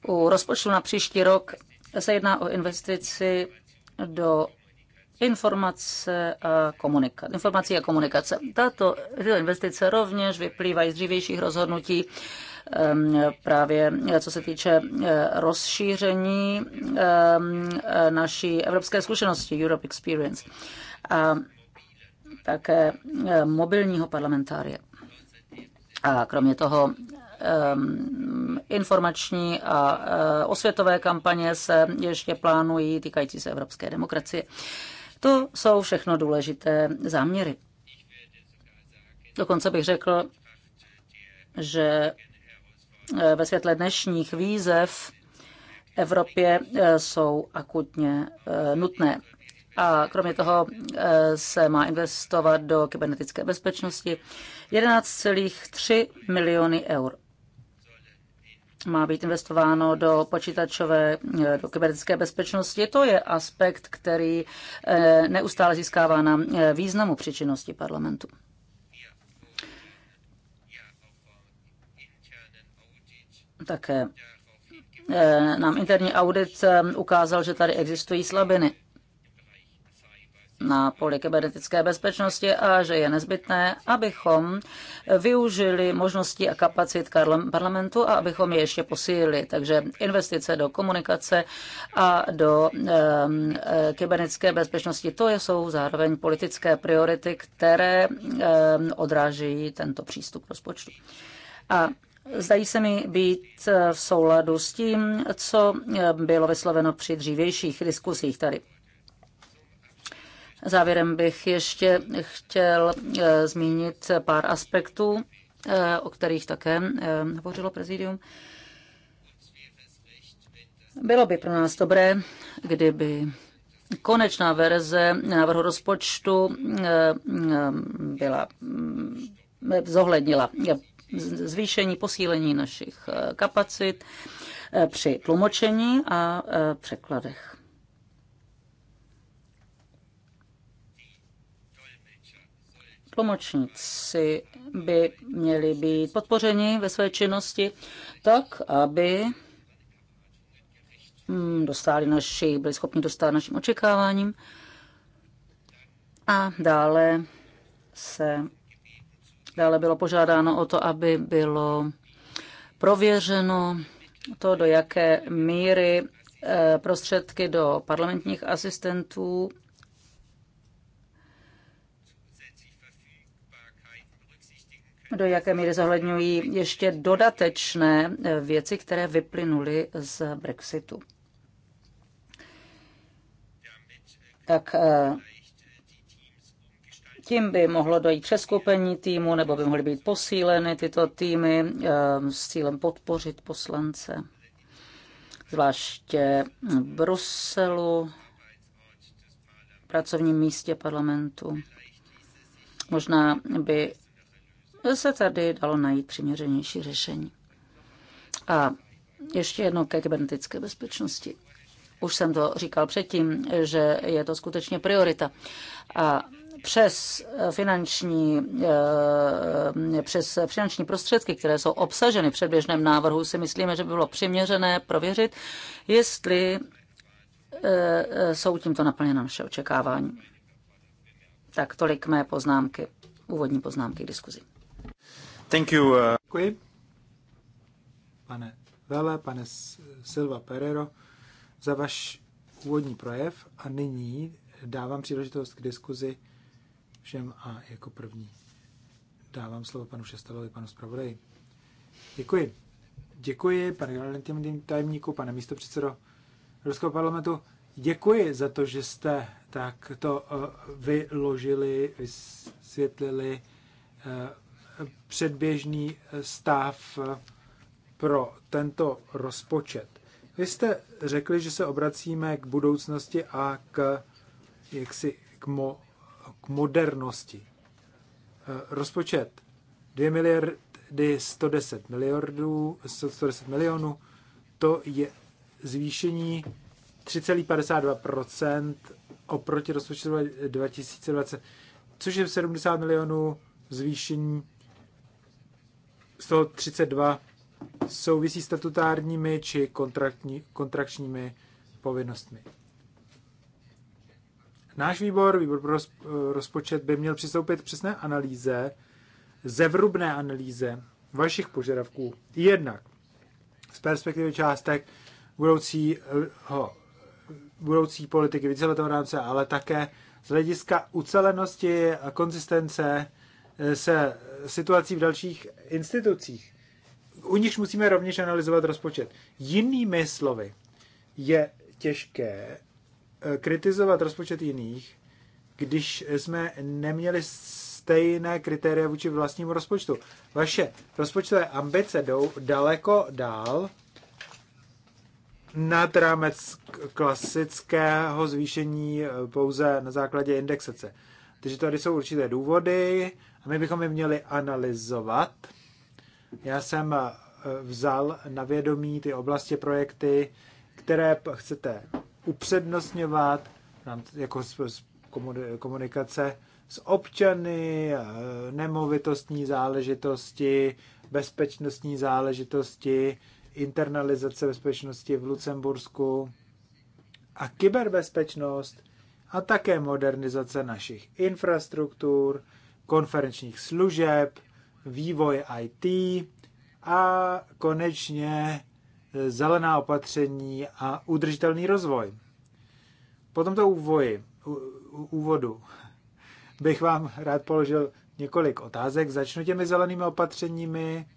U rozpočtu na příští rok se jedná o investici do informace a komunikace. Informací a komunikace. Tato tyto investice rovněž vyplývají z dřívějších rozhodnutí ehm, právě co se týče e, rozšíření ehm, naší evropské zkušenosti Europe Experience a také e, mobilního parlamentária. A kromě toho ehm, Informační a e, osvětové kampaně se ještě plánují týkající se evropské demokracie. To jsou všechno důležité záměry. Dokonce bych řekl, že e, ve světle dnešních výzev Evropě e, jsou akutně nutné. A kromě toho se má investovat do kybernetické bezpečnosti 11,3 miliony eur má být investováno do počítačové, eh, do kybernetické bezpečnosti. To je aspekt, který eh, neustále získává na eh, významu přičinnosti parlamentu. Také nám interní audit ukázal, že tady existují slabiny na poli kybernetické bezpečnosti a že je nezbytné, abychom využili možnosti a kapacit parlamentu a abychom je ještě posílili. Takže investice do komunikace a do eh, kybernetické bezpečnosti, to jsou zároveň politické priority, které odráží tento přístup rozpočtu. A Zdají se mi být eh, v souladu s tím, co eh, bylo vysloveno při dřívějších diskusích tady. Závěrem bych ještě chtěl eh, zmínit pár aspektů, eh, o kterých také eh, hovořilo prezidium. Bylo by pro nás dobré, kdyby konečná verze návrhu rozpočtu byla zohlednila zvýšení, posílení našich kapacit při tlumočení a překladech. Tlumočníci by měli být podpořeni ve své činnosti tak, aby mm, dostali naši, byli schopni dostat našim očekáváním. A dále se dále bylo požádáno o to, aby bylo prověřeno to, do jaké míry eh, prostředky do parlamentních asistentů do jaké míry zohledňují ještě dodatečné eh, věci, které vyplynuly z Brexitu. Tak eh, tím by mohlo dojít přeskupení týmu, nebo by mohly být posíleny tyto týmy eh, s cílem podpořit poslance, zvláště v Bruselu, pracovním místě parlamentu. Možná by se tady dalo najít přiměřenější řešení. A ještě jednou ke kybernetické bezpečnosti. Už jsem to říkal předtím, že je to skutečně priorita. A přes finanční, eh, přes finanční prostředky, které jsou obsaženy v předběžném návrhu, si myslíme, že by bylo přiměřené prověřit, jestli eh, jsou tímto naplněna naše očekávání. Tak tolik mé poznámky, úvodní poznámky k diskuzi. Thank you. Uh, Děkuji. Pane Vele, pane Silva Perero, za váš úvodní projev a nyní dávám příležitost k diskuzi všem a jako první dávám slovo panu Šestalovi, panu zpravodaji. Děkuji. Děkuji, pane generálním tajemníku, pane místopředsedo Ruského parlamentu. Děkuji za to, že jste tak to eh, vyložili, vysvětlili eh, předběžný stav pro tento rozpočet. Vy jste řekli, že se obracíme k budoucnosti a k, jaksi, k, mo, k modernosti. Rozpočet 2 miliardy 110 miliardů, 110 milionů, to je zvýšení 3,52% oproti rozpočtu 2020, což je 70 milionů zvýšení 132 souvisí statutárními či kontraktní, kontrakčními povinnostmi. Náš výbor, výbor pro eh, rozpočet, by měl přistoupit k přesné analýze, zevrubné analýze vašich požadavků. Jednak z perspektivy částek budoucího, budoucí politiky víceletého rámce, ale také z hlediska ucelenosti a konzistence Eh, se situací v dalších institucích. U nichž musíme rovněž analyzovat rozpočet. Jinými slovy, je těžké eh, kritizovat rozpočet jiných, když jsme neměli stejné kritéria vůči vlastnímu rozpočtu. Vaše rozpočtové ambice jdou daleko dál nad rámec klasického zvýšení eh, pouze na základě indexace. Takže tady jsou určité důvody a my bychom je měli analyzovat. Já jsem eh, vzal na vědomí ty oblasti projekty, které chcete upřednostňovat jako komunikace s občany, eh, nemovitostní záležitosti, bezpečnostní záležitosti, internalizace bezpečnosti v Lucembursku a kyberbezpečnost – a také modernizace našich infrastruktur, konferenčních služeb, vývoj IT a konečně eh, zelená opatření a udržitelný rozvoj. Po tomto úvoji, úvodu bych vám rád položil několik otázek. Začnu těmi zelenými opatřeními.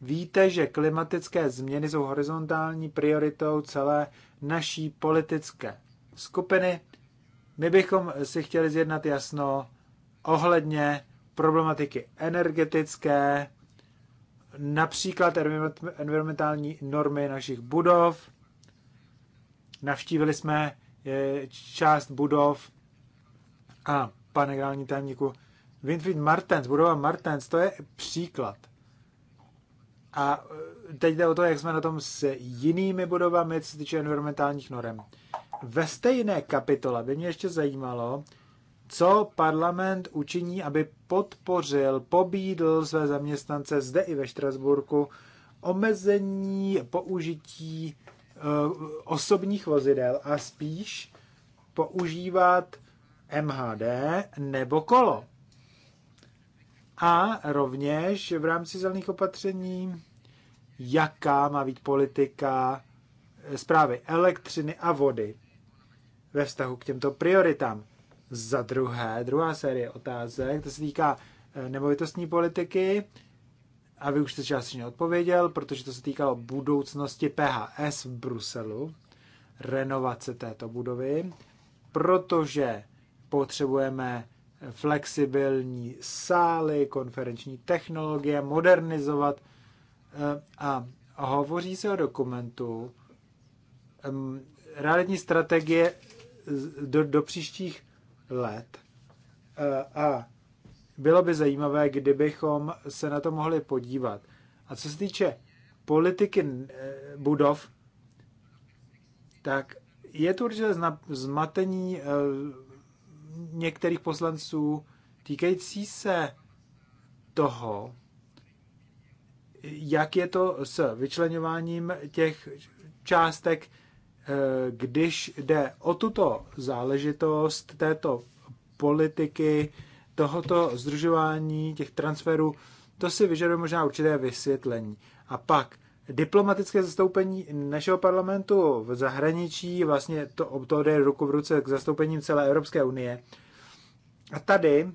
Víte, že klimatické změny jsou horizontální prioritou celé naší politické skupiny my bychom si chtěli zjednat jasno ohledně problematiky energetické, například environmentální normy našich budov. Navštívili jsme eh, část budov a pane generální tajemníku, Winfried Martens, budova Martens, to je příklad. A eh, teď jde o to, jak jsme na tom s jinými budovami, co se týče environmentálních norem ve stejné kapitole by mě ještě zajímalo, co parlament učiní, aby podpořil, pobídl své zaměstnance zde i ve Štrasburku omezení použití eh, osobních vozidel a spíš používat MHD nebo kolo. A rovněž v rámci zelených opatření, jaká má být politika zprávy eh, elektřiny a vody ve vztahu k těmto prioritám. Za druhé, druhá série otázek, to se týká eh, nemovitostní politiky, a vy už jste částečně odpověděl, protože to se týkalo budoucnosti PHS v Bruselu, renovace této budovy, protože potřebujeme flexibilní sály, konferenční technologie, modernizovat eh, a hovoří se o dokumentu realitní strategie do, do příštích let. E, a bylo by zajímavé, kdybychom se na to mohli podívat. A co se týče politiky e, budov, tak je tu určitě zmatení e, některých poslanců týkající se toho, jak je to s vyčlenováním těch částek Eh, když jde o tuto záležitost této politiky, tohoto združování těch transferů, to si vyžaduje možná určité vysvětlení. A pak diplomatické zastoupení našeho parlamentu v zahraničí, vlastně to, to jde ruku v ruce k zastoupením celé Evropské unie. A tady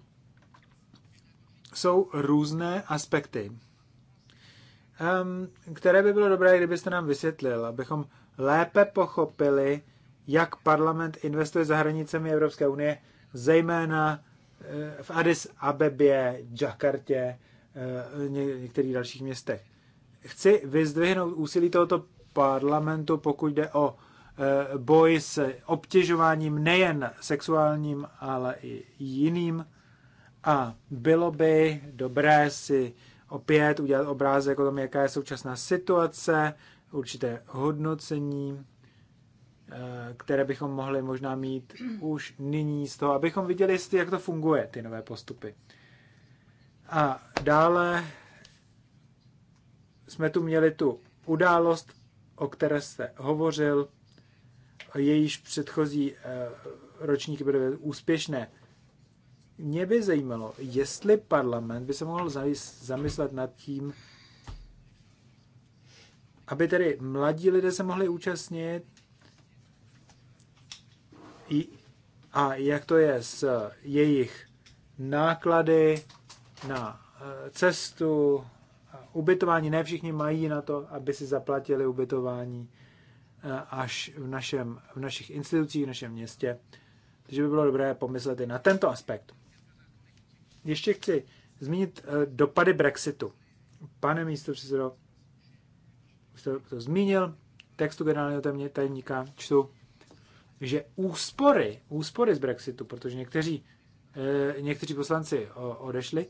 jsou různé aspekty, ehm, které by bylo dobré, kdybyste nám vysvětlil, abychom lépe pochopili, jak parlament investuje za hranicemi Evropské unie, zejména eh, v Addis Abebě, Jakartě, eh, některých dalších městech. Chci vyzdvihnout úsilí tohoto parlamentu, pokud jde o eh, boj s obtěžováním nejen sexuálním, ale i jiným. A bylo by dobré si opět udělat obrázek o tom, jaká je současná situace, určité hodnocení, eh, které bychom mohli možná mít už nyní z toho, abychom viděli, jak to funguje, ty nové postupy. A dále jsme tu měli tu událost, o které jste hovořil, jejíž předchozí eh, ročníky byly úspěšné. Mě by zajímalo, jestli parlament by se mohl zamyslet nad tím, aby tedy mladí lidé se mohli účastnit a jak to je s jejich náklady na eh, cestu, ubytování. Ne všichni mají na to, aby si zaplatili ubytování eh, až v, našem, v našich institucích, v našem městě. Takže by bylo dobré pomyslet i na tento aspekt. Ještě chci zmínit eh, dopady Brexitu. Pane místo předsedo, to, to zmínil, textu generálního tajemníka čtu, že úspory, úspory z Brexitu, protože někteří, e, někteří poslanci o, odešli,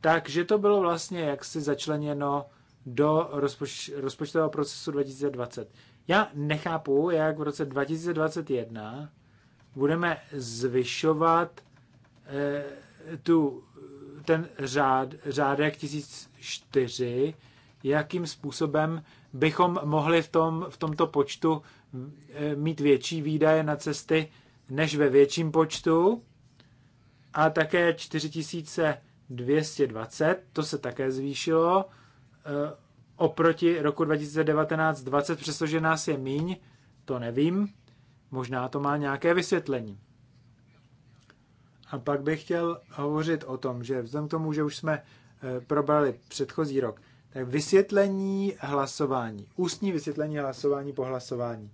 takže to bylo vlastně jaksi začleněno do rozpoč, rozpočtového procesu 2020. Já nechápu, jak v roce 2021 budeme zvyšovat e, tu, ten řád, řádek 1004 jakým způsobem bychom mohli v, tom, v tomto počtu eh, mít větší výdaje na cesty než ve větším počtu. A také 4220, to se také zvýšilo eh, oproti roku 2019-20, přestože nás je míň, to nevím. Možná to má nějaké vysvětlení. A pak bych chtěl hovořit o tom, že vzhledem k tomu, že už jsme eh, probrali předchozí rok, tak vysvětlení hlasování. Ústní vysvětlení hlasování po hlasování.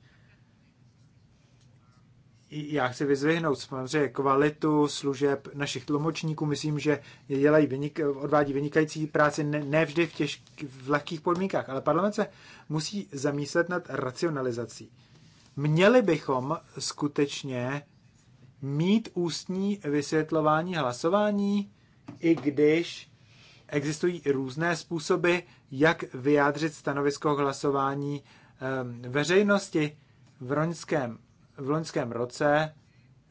Já chci vyzvihnout samozřejmě kvalitu služeb našich tlumočníků. Myslím, že je dělají vynik, odvádí vynikající práci ne, ne vždy v, těžk, v lehkých podmínkách, ale parlament se musí zamýšlet nad racionalizací. Měli bychom skutečně mít ústní vysvětlování hlasování, i když existují různé způsoby, jak vyjádřit stanovisko hlasování ehm, veřejnosti. V loňském, v loňském roce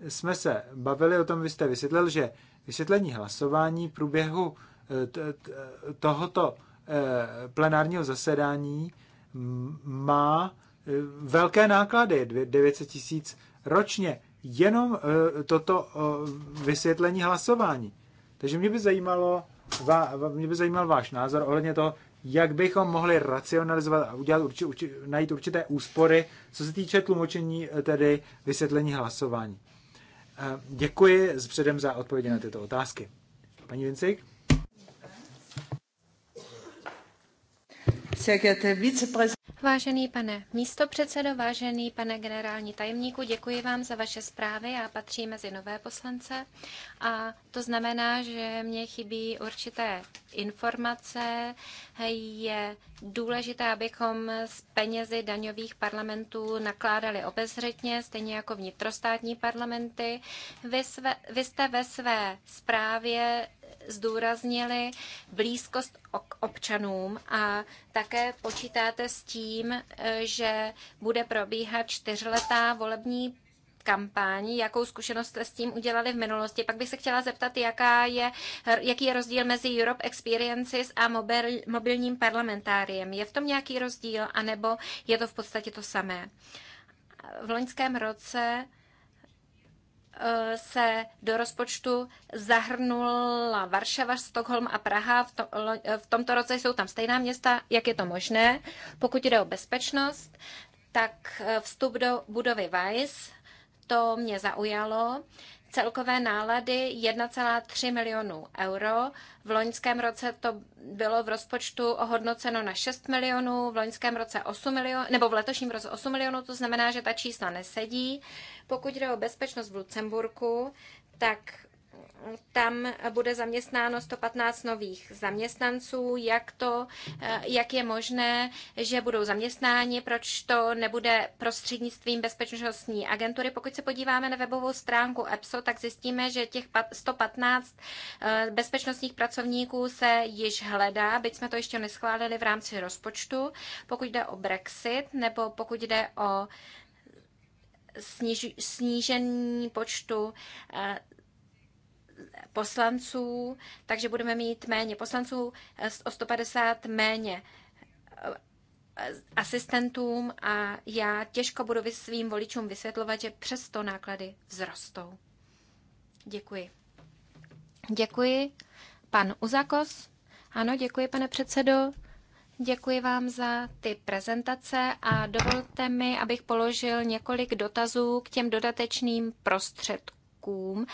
jsme se bavili o tom, vy jste vysvětlil, že vysvětlení hlasování průběhu eh, tohoto eh, plenárního zasedání má eh, velké náklady, 900 tisíc ročně, jenom toto vysvětlení hlasování. Takže mě by zajímalo, va, mě by zajímal váš názor ohledně toho, jak bychom mohli racionalizovat a udělat urči, urči, najít určité úspory, co se týče tlumočení, eh, tedy vysvětlení hlasování. Eh, děkuji předem za odpovědi na tyto otázky. Paní Vincik? Vážený pane místopředsedo, vážený pane generální tajemníku, děkuji vám za vaše zprávy. Já patří mezi nové poslance a to znamená, že mě chybí určité informace. Je důležité, abychom s penězi daňových parlamentů nakládali obezřetně, stejně jako vnitrostátní parlamenty. Vy, své, vy jste ve své zprávě zdůraznili blízkost k občanům a také počítáte s tím, eh, že bude probíhat čtyřletá volební kampaň, jakou zkušenost jste s tím udělali v minulosti. Pak bych se chtěla zeptat, jaká je, jaký je rozdíl mezi Europe Experiences a mobil, mobilním parlamentáriem. Je v tom nějaký rozdíl, anebo je to v podstatě to samé? V loňském roce se do rozpočtu zahrnula Varšava, Stockholm a Praha. V, to, v tomto roce jsou tam stejná města, jak je to možné. Pokud jde o bezpečnost, tak eh, vstup do budovy Vice, to mě zaujalo celkové nálady 1,3 milionů euro. V loňském roce to bylo v rozpočtu ohodnoceno na 6 milionů, v loňském roce 8 milionů, nebo v letošním roce 8 milionů, to znamená, že ta čísla nesedí. Pokud jde o bezpečnost v Lucemburku, tak tam bude zaměstnáno 115 nových zaměstnanců, jak, to, eh, jak je možné, že budou zaměstnáni, proč to nebude prostřednictvím bezpečnostní agentury. Pokud se podíváme na webovou stránku EPSO, tak zjistíme, že těch 115 eh, bezpečnostních pracovníků se již hledá, byť jsme to ještě neschválili v rámci rozpočtu. Pokud jde o Brexit nebo pokud jde o snížení počtu eh, poslanců, takže budeme mít méně poslanců, eh, o 150 méně eh, asistentům a já těžko budu svým voličům vysvětlovat, že přesto náklady vzrostou. Děkuji. Děkuji. Pan Uzakos. Ano, děkuji, pane předsedo. Děkuji vám za ty prezentace a dovolte mi, abych položil několik dotazů k těm dodatečným prostředkům výrobkům.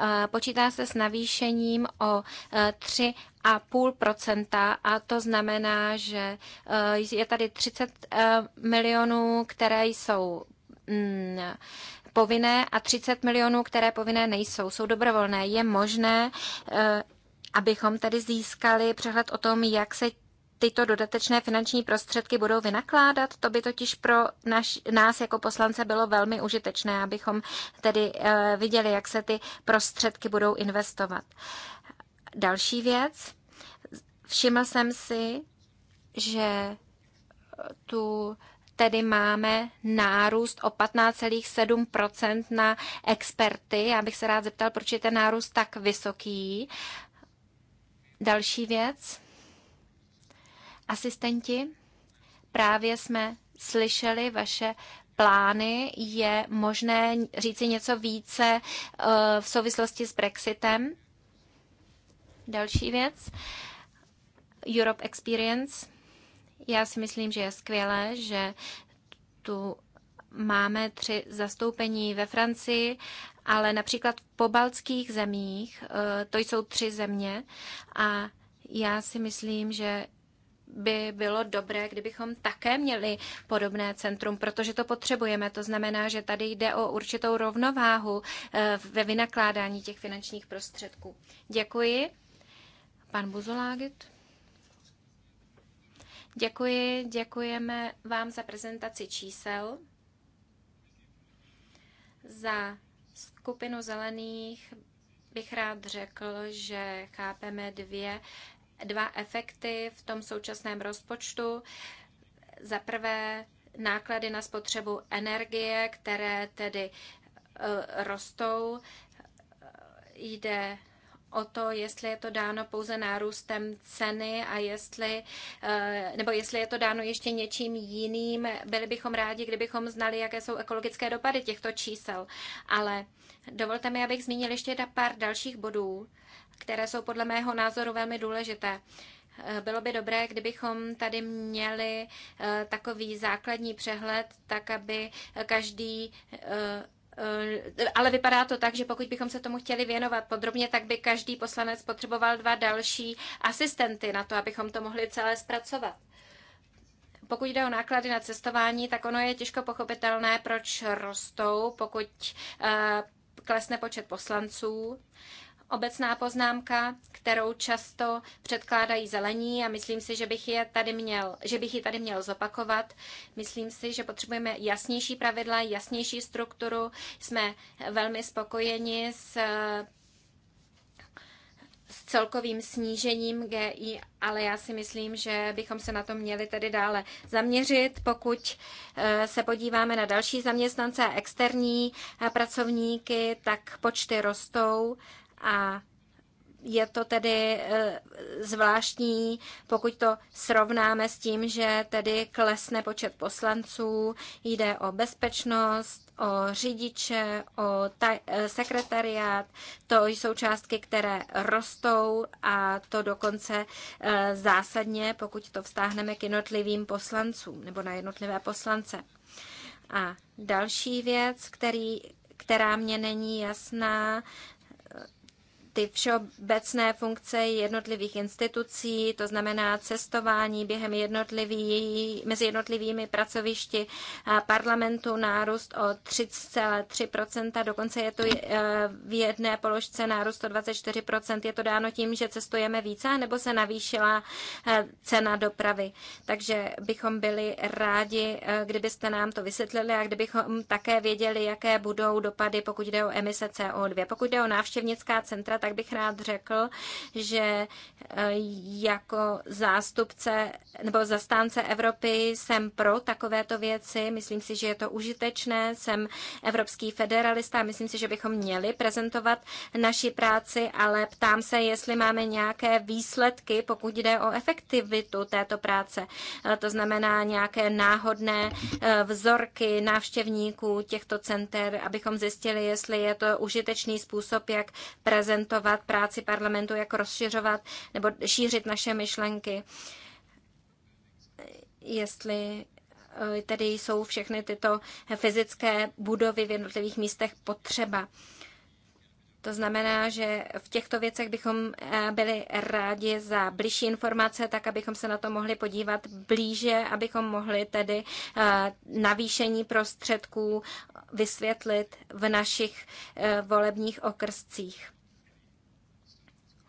Eh, počítá se s navýšením o 3 eh, a půl procenta a to znamená, že eh, je tady 30 milionů, které jsou mm, povinné a 30 milionů, které povinné nejsou, jsou dobrovolné. Je možné, abychom tedy získali přehled o tom, jak se tyto dodatečné finanční prostředky budou vynakládat. To by totiž pro naš, nás jako poslance bylo velmi užitečné, abychom tedy eh, viděli, jak se ty prostředky budou investovat. Další věc. Všiml jsem si, že tu tedy máme nárůst o 15,7 na experty. Já bych se rád zeptal, proč je ten nárůst tak vysoký. Další věc asistenti. Právě jsme slyšeli vaše plány. Je možné říci něco více eh, v souvislosti s Brexitem? Další věc. Europe Experience. Já si myslím, že je skvělé, že tu máme tři zastoupení ve Francii, ale například v pobaltských zemích, eh, to jsou tři země a já si myslím, že by bylo dobré, kdybychom také měli podobné centrum, protože to potřebujeme. To znamená, že tady jde o určitou rovnováhu eh, ve vynakládání těch finančních prostředků. Děkuji. Pan Buzolágit. Děkuji, děkujeme vám za prezentaci čísel, za skupinu zelených bych rád řekl, že chápeme dvě dva efekty v tom současném rozpočtu. Za prvé náklady na spotřebu energie, které tedy e, rostou, e, jde o to, jestli je to dáno pouze nárůstem ceny a jestli, eh, nebo jestli je to dáno ještě něčím jiným. Byli bychom rádi, kdybychom znali, jaké jsou ekologické dopady těchto čísel. Ale dovolte mi, abych zmínil ještě pár dalších bodů, které jsou podle mého názoru velmi důležité. Eh, bylo by dobré, kdybychom tady měli eh, takový základní přehled, tak aby každý Eh, ale vypadá to tak, že pokud bychom se tomu chtěli věnovat podrobně, tak by každý poslanec potřeboval dva další asistenty na to, abychom to mohli celé zpracovat. Pokud jde o náklady na cestování, tak ono je těžko pochopitelné, proč rostou, pokud eh, klesne počet poslanců obecná poznámka, kterou často předkládají zelení a myslím si, že bych, je tady měl, že bych ji tady měl zopakovat. Myslím si, že potřebujeme jasnější pravidla, jasnější strukturu. Jsme velmi spokojeni s s celkovým snížením GI, ale já si myslím, že bychom se na to měli tedy dále zaměřit. Pokud eh, se podíváme na další zaměstnance a externí eh, pracovníky, tak počty rostou a je to tedy e, zvláštní, pokud to srovnáme s tím, že tedy klesne počet poslanců, jde o bezpečnost, o řidiče, o e, sekretariát. To jsou částky, které rostou a to dokonce e, zásadně, pokud to vztáhneme k jednotlivým poslancům nebo na jednotlivé poslance. A další věc, který, která mě není jasná, ty všeobecné funkce jednotlivých institucí, to znamená cestování během jednotlivý, mezi jednotlivými pracovišti parlamentu, nárůst o 3,3%, dokonce je to e, v jedné položce nárůst o 24%. Je to dáno tím, že cestujeme více, nebo se navýšila e, cena dopravy. Takže bychom byli rádi, e, kdybyste nám to vysvětlili a kdybychom také věděli, jaké budou dopady, pokud jde o emise CO2. Pokud jde o návštěvnická centra, tak bych rád řekl, že eh, jako zástupce nebo zastánce Evropy jsem pro takovéto věci. Myslím si, že je to užitečné. Jsem evropský federalista a myslím si, že bychom měli prezentovat naši práci, ale ptám se, jestli máme nějaké výsledky, pokud jde o efektivitu této práce. Eh, to znamená nějaké náhodné eh, vzorky návštěvníků těchto center, abychom zjistili, jestli je to užitečný způsob, jak prezentovat orientovat práci parlamentu, jak rozšiřovat nebo šířit naše myšlenky. Jestli eh, tedy jsou všechny tyto fyzické budovy v jednotlivých místech potřeba. To znamená, že v těchto věcech bychom eh, byli rádi za blížší informace, tak abychom se na to mohli podívat blíže, abychom mohli tedy eh, navýšení prostředků vysvětlit v našich volebních okrscích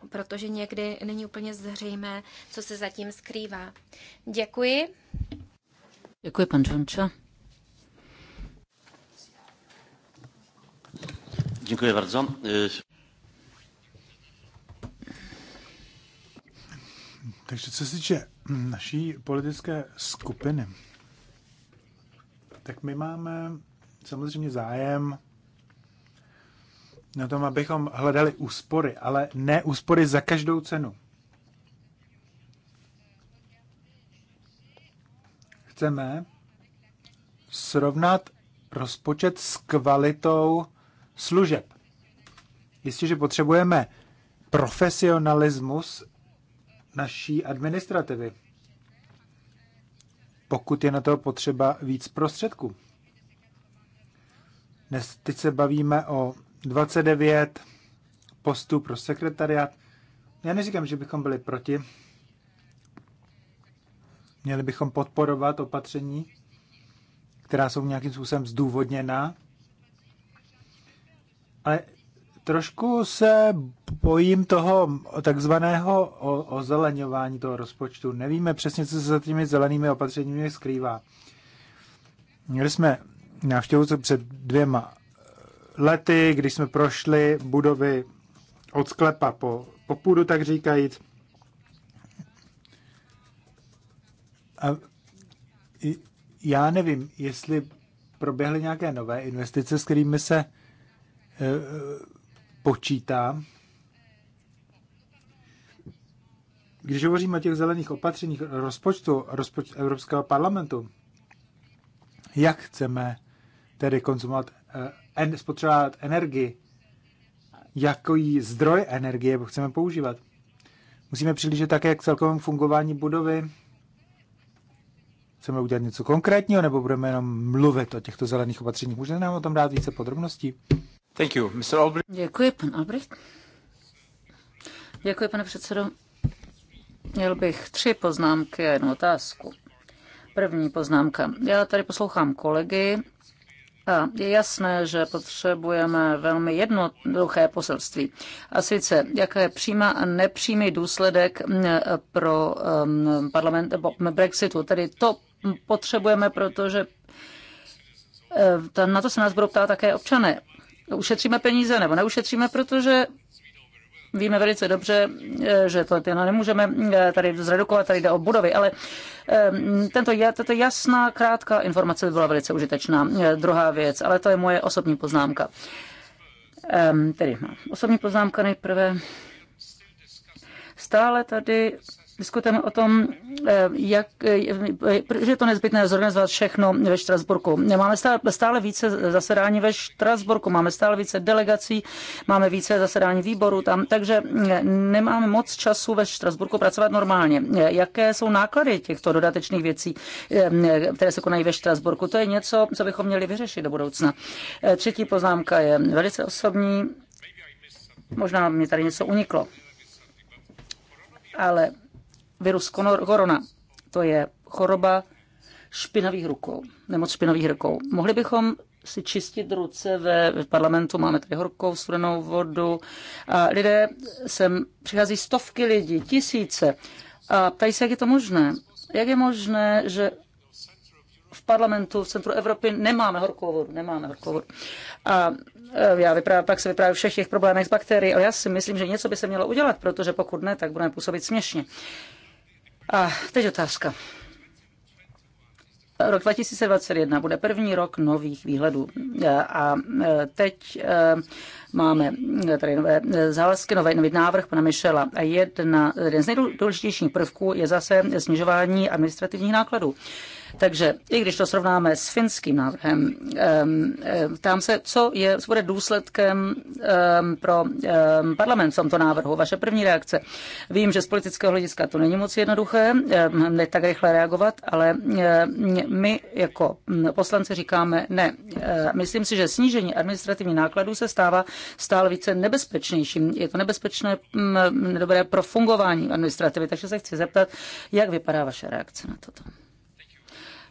protože někdy není úplně zřejmé, co se zatím skrývá. Děkuji. Děkuji, pan Čonča. Děkuji bardzo. Eh, takže co se týče naší politické skupiny, tak my máme samozřejmě zájem na tom, abychom hledali úspory, ale ne úspory za každou cenu. Chceme srovnat rozpočet s kvalitou služeb. Jistě, že potřebujeme profesionalismus naší administrativy, pokud je na to potřeba víc prostředků. Dnes teď se bavíme o 29 postů pro sekretariat. Já neříkám, že bychom byli proti. Měli bychom podporovat opatření, která jsou nějakým způsobem zdůvodněná. Ale trošku se bojím toho takzvaného ozeleňování toho rozpočtu. Nevíme přesně, co se za těmi zelenými opatřeními skrývá. Měli jsme návštěvu před dvěma lety, když jsme prošli budovy od sklepa po, po půdu, tak říkajíc. A já nevím, jestli proběhly nějaké nové investice, s kterými se e, počítá. Když hovoříme o těch zelených opatřeních rozpočtu, rozpočtu Evropského parlamentu, jak chceme tedy konzumovat e, en, spotřebovat energii, jaký zdroj energie chceme používat. Musíme přilížet také k celkovému fungování budovy. Chceme udělat něco konkrétního, nebo budeme jenom mluvit o těchto zelených opatřeních? Můžete nám o tom dát více podrobností? Thank you, Mr. Albrecht. Děkuji, pan Albrecht. Děkuji, pane předsedo. Měl bych tři poznámky a jednu otázku. První poznámka. Já tady poslouchám kolegy a je jasné, že potřebujeme velmi jednoduché poselství. A sice, jaké přímá a nepřímý důsledek pro parlament, Brexitu, tedy to potřebujeme, protože e, na to se nás budou ptát také občané. Ušetříme peníze nebo neušetříme, protože Víme velice dobře, eh, že to no, nemůžeme eh, tady zredukovat, tady jde o budovy, ale eh, tento, tato jasná, krátká informace by byla velice užitečná. Druhá věc, ale to je moje osobní poznámka. Ehm, tedy no, osobní poznámka nejprve. Stále tady Diskutujeme o tom, eh, jak, eh, že je to nezbytné zorganizovat všechno ve Štrasburku. Máme stále více zasedání ve Štrasburku, máme stále více delegací, máme více zasedání výboru tam, takže eh, nemáme moc času ve Štrasburku pracovat normálně. Jaké jsou náklady těchto dodatečných věcí, které se konají ve Štrasburku? To je něco, co bychom měli vyřešit do budoucna. Třetí poznámka je velice osobní. Možná mi tady něco uniklo ale virus korona. To je choroba špinavých rukou, nemoc špinavých rukou. Mohli bychom si čistit ruce ve v parlamentu, máme tady horkou, studenou vodu. A lidé sem přichází stovky lidí, tisíce. A ptají se, jak je to možné. Jak je možné, že v parlamentu v centru Evropy nemáme horkou vodu, nemáme horkou vodu. A e, já vyprávě, pak se vyprávím všech těch problémech s bakterií, ale já si myslím, že něco by se mělo udělat, protože pokud ne, tak budeme působit směšně. A teď otázka. Rok 2021 bude první rok nových výhledů. A teď e, máme tady nové závazky, nový, nový návrh pana Michela. A jedna, jeden z nejdůležitějších prvků je zase snižování administrativních nákladů. Takže i když to srovnáme s finským návrhem, tam se, co je, co bude důsledkem pro parlament v tomto návrhu. Vaše první reakce. Vím, že z politického hlediska to není moc jednoduché, ne tak rychle reagovat, ale my jako mm, poslanci říkáme ne. Myslím si, že snížení administrativní nákladů se stává stále více nebezpečnějším. Je to nebezpečné, nedobré pro fungování administrativy, takže se chci zeptat, jak vypadá vaše reakce na toto.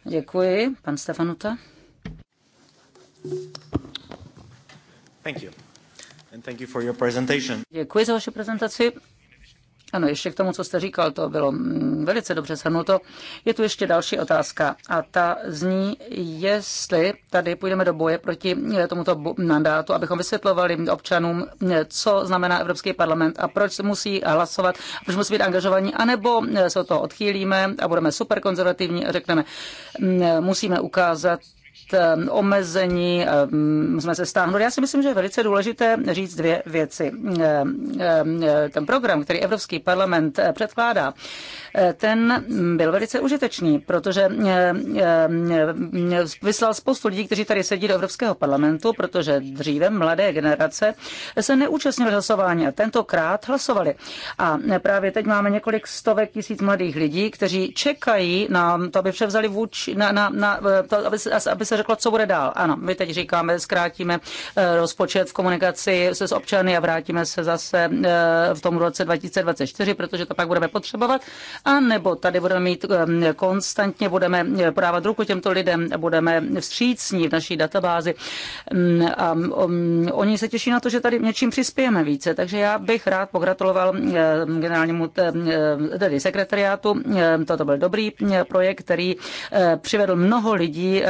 Děkuji. Pan Stefanuta. Thank you. And thank you for your presentation. Děkuji za vaši prezentaci ano, ještě k tomu, co jste říkal, to bylo mm, velice dobře shrnuto. Je tu ještě další otázka a ta zní, jestli tady půjdeme do boje proti eh, tomuto mandátu, abychom vysvětlovali občanům, eh, co znamená Evropský parlament a proč se musí hlasovat, proč musí být angažovaní, anebo eh, se od toho odchýlíme a budeme super konzervativní a řekneme, mm, musíme ukázat Um, omezení um, jsme se stáhnuli. Já si myslím, že je velice důležité říct dvě věci. Um, ten program, který Evropský parlament eh, předkládá, ten byl velice užitečný, protože eh, eh, vyslal spoustu lidí, kteří tady sedí do Evropského parlamentu, protože dříve mladé generace se neúčastnili hlasování a tentokrát hlasovali. A právě teď máme několik stovek tisíc mladých lidí, kteří čekají na to, aby převzali vůči, na, na, na eh, to, aby, se, aby se řeklo, co bude dál. Ano, my teď říkáme, zkrátíme rozpočet v komunikaci se s občany a vrátíme se zase v tom roce 2024, protože to pak budeme potřebovat. A nebo tady budeme mít konstantně, budeme eh, podávat ruku těmto lidem, budeme vstřícní v naší databázi. Mm, a mm, oni se těší na to, že tady něčím přispějeme více. Takže já bych rád pogratuloval eh, generálnímu eh, tedy sekretariátu. Toto byl dobrý projekt, který přivedl mnoho lidí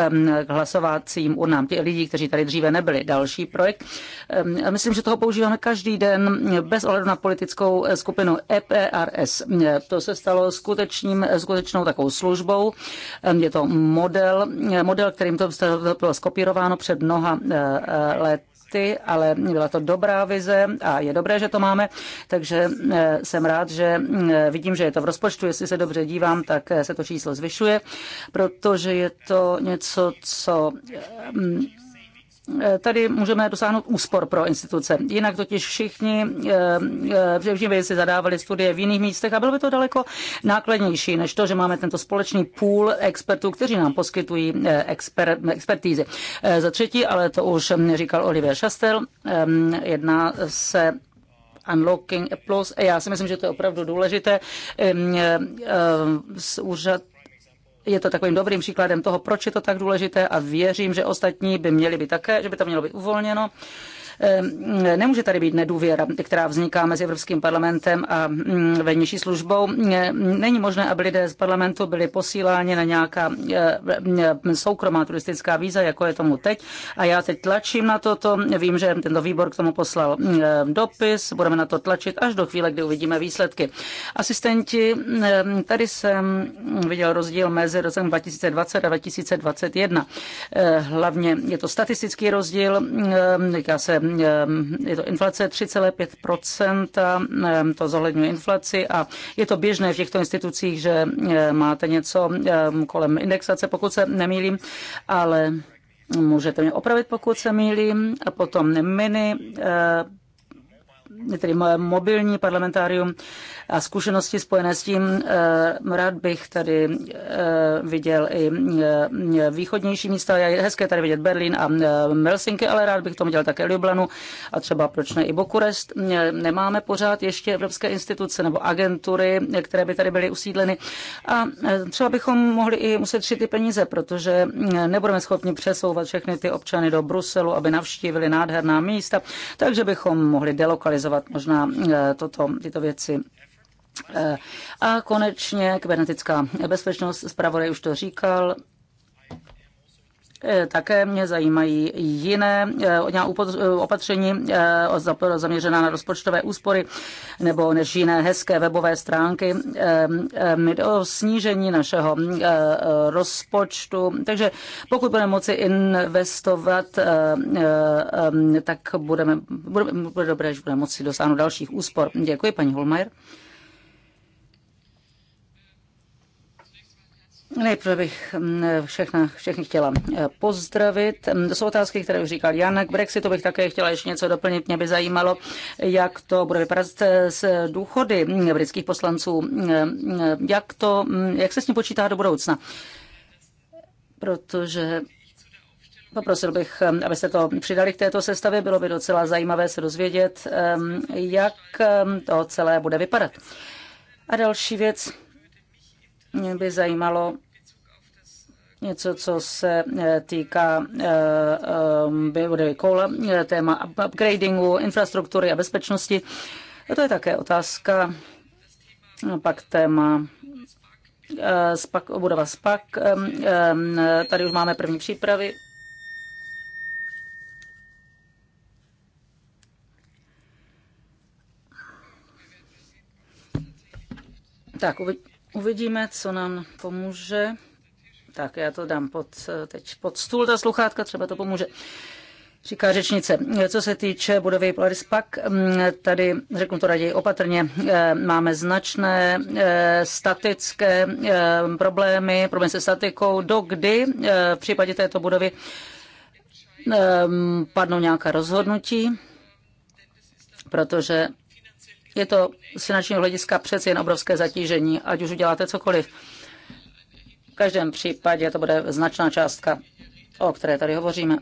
k hlasovacím urnám, těch lidí, kteří tady dříve nebyli. Další projekt. Myslím, že toho používáme každý den bez ohledu na politickou skupinu EPRS. To se stalo skutečným, skutečnou takovou službou. Je to model, eh, model kterým to bylo skopírováno před mnoha eh, eh, let ale byla to dobrá vize a je dobré, že to máme, takže jsem rád, že mm, vidím, že je to v rozpočtu. Jestli se dobře dívám, tak se to číslo zvyšuje, protože je to něco, co mm, Eh, tady můžeme dosáhnout úspor pro instituce. Jinak totiž všichni, eh, eh, všichni by si zadávali studie v jiných místech a bylo by to daleko nákladnější, než to, že máme tento společný půl expertů, kteří nám poskytují exper, expertízy. Za třetí, ale to už říkal Oliver Šastel, jedná se Unlocking a Plus. Já si myslím, že to je opravdu důležité. Z úřad je to takovým dobrým příkladem toho, proč je to tak důležité a věřím, že ostatní by měli být také, že by to mělo být uvolněno. Ehm, nemůže tady být nedůvěra, která vzniká mezi Evropským parlamentem a mm, venější službou. Ehm, není možné, aby lidé z parlamentu byli posíláni na nějaká ehm, soukromá turistická víza, jako je tomu teď. A já teď tlačím na toto. Vím, že tento výbor k tomu poslal dopis. Budeme na to tlačit až do chvíle, kdy uvidíme výsledky. Asistenti, tady jsem viděl rozdíl mezi rokem 2020 a 2021. Hlavně je to statistický rozdíl, týká se Ehm, je to inflace 3,5%, ehm, to zohledňuje inflaci a je to běžné v těchto institucích, že eh, máte něco ehm, kolem indexace, pokud se nemýlím, ale můžete mě opravit, pokud se mýlím, a potom mini, eh, tedy mobilní parlamentárium, a zkušenosti spojené s tím. Eh, rád bych tady eh, viděl i eh, východnější místa. Je hezké tady vidět Berlín a Helsinky, ale rád bych to viděl také Ljubljanu a třeba proč ne i Bukurest. Nemáme pořád ještě evropské instituce nebo agentury, které by tady byly usídleny. A třeba bychom mohli i muset šít ty peníze, protože nebudeme schopni přesouvat všechny ty občany do Bruselu, aby navštívili nádherná místa, takže bychom mohli delokalizovat možná toto, tyto věci a konečně kybernetická bezpečnost, zpravodaj už to říkal, e, také mě zajímají jiné e, e, opatření zaměřená na rozpočtové úspory nebo než jiné hezké webové stránky o snížení našeho rozpočtu. Takže pokud budeme moci investovat, tak budeme, bude, bude dobré, že budeme moci dosáhnout dalších úspor. Děkuji, paní Holmajer. Nejprve bych mm, všechna, všechny chtěla mm, pozdravit. Mm, to jsou otázky, které už říkal Jan. K Brexitu bych také chtěla ještě něco doplnit. Mě by zajímalo, jak to bude vypadat s důchody britských poslanců. Jak, to, jak se s ním počítá do budoucna? Protože Poprosil bych, abyste to přidali k této sestavě. Bylo by docela zajímavé se dozvědět, jak to celé bude vypadat. A další věc, mě by zajímalo, něco, co se eh, týká eh, eh, budovy kola, téma upgradingu, infrastruktury a bezpečnosti. A to je také otázka. A pak téma spak, budova SPAK. Tady už máme první přípravy. Tak, uvidíme Uvidíme, co nám pomůže. Tak já to dám pod, teď pod stůl, ta sluchátka, třeba to pomůže. Říká řečnice, co se týče budovy Polaris Pak, mm, tady řeknu to raději opatrně, eh, máme značné eh, statické eh, problémy, problémy se statikou, dokdy v případě této budovy padnou nějaká rozhodnutí, protože je to z finančního hlediska přeci jen obrovské zatížení, ať už uděláte cokoliv. V každém případě to bude značná částka, o které tady hovoříme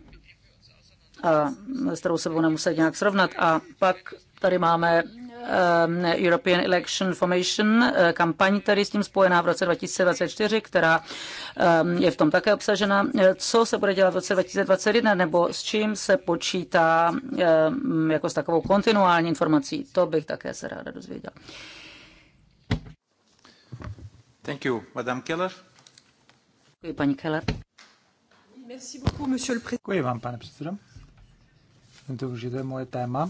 a s kterou se budeme muset nějak srovnat. A pak tady máme Um, European Election Formation, uh, kampaň tady s tím spojená v roce 2024, která um, je v tom také obsažena. Co se bude dělat v roce 2021 nebo s čím se počítá um, jako s takovou kontinuální informací? To bych také se ráda dozvěděla. Thank you, Madame Keller. Děkuji, paní Keller. Děkuji vám, pane předsedo. To už je moje téma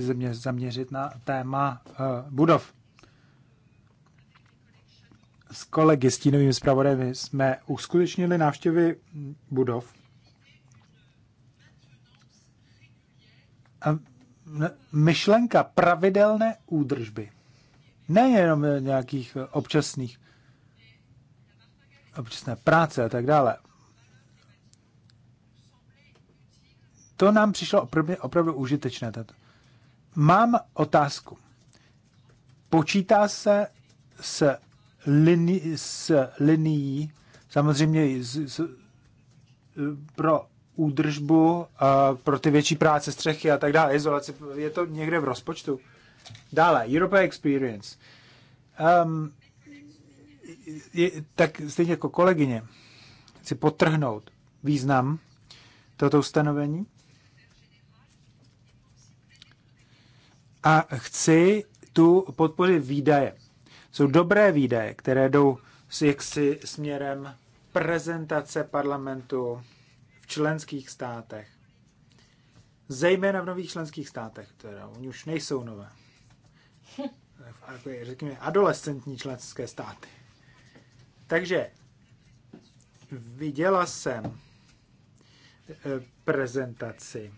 země zaměřit na téma eh, budov. S kolegy stínovým zpravodajem jsme uskutečnili návštěvy budov. A myšlenka pravidelné údržby, nejenom nějakých občasných, občasné práce a tak dále, to nám přišlo opravdu, opravdu užitečné. Tato. Mám otázku. Počítá se s, lini, s linií, samozřejmě z, z, pro údržbu, a pro ty větší práce, střechy a tak dále, izolaci, je to někde v rozpočtu. Dále, Europa Experience. Um, je, tak stejně jako kolegyně chci potrhnout význam toto ustanovení a chci tu podpořit výdaje. Jsou dobré výdaje, které jdou jaksi směrem prezentace parlamentu v členských státech. Zejména v nových členských státech, které oni už nejsou nové. [laughs] Jako řekněme, adolescentní členské státy. Takže viděla jsem eh, prezentaci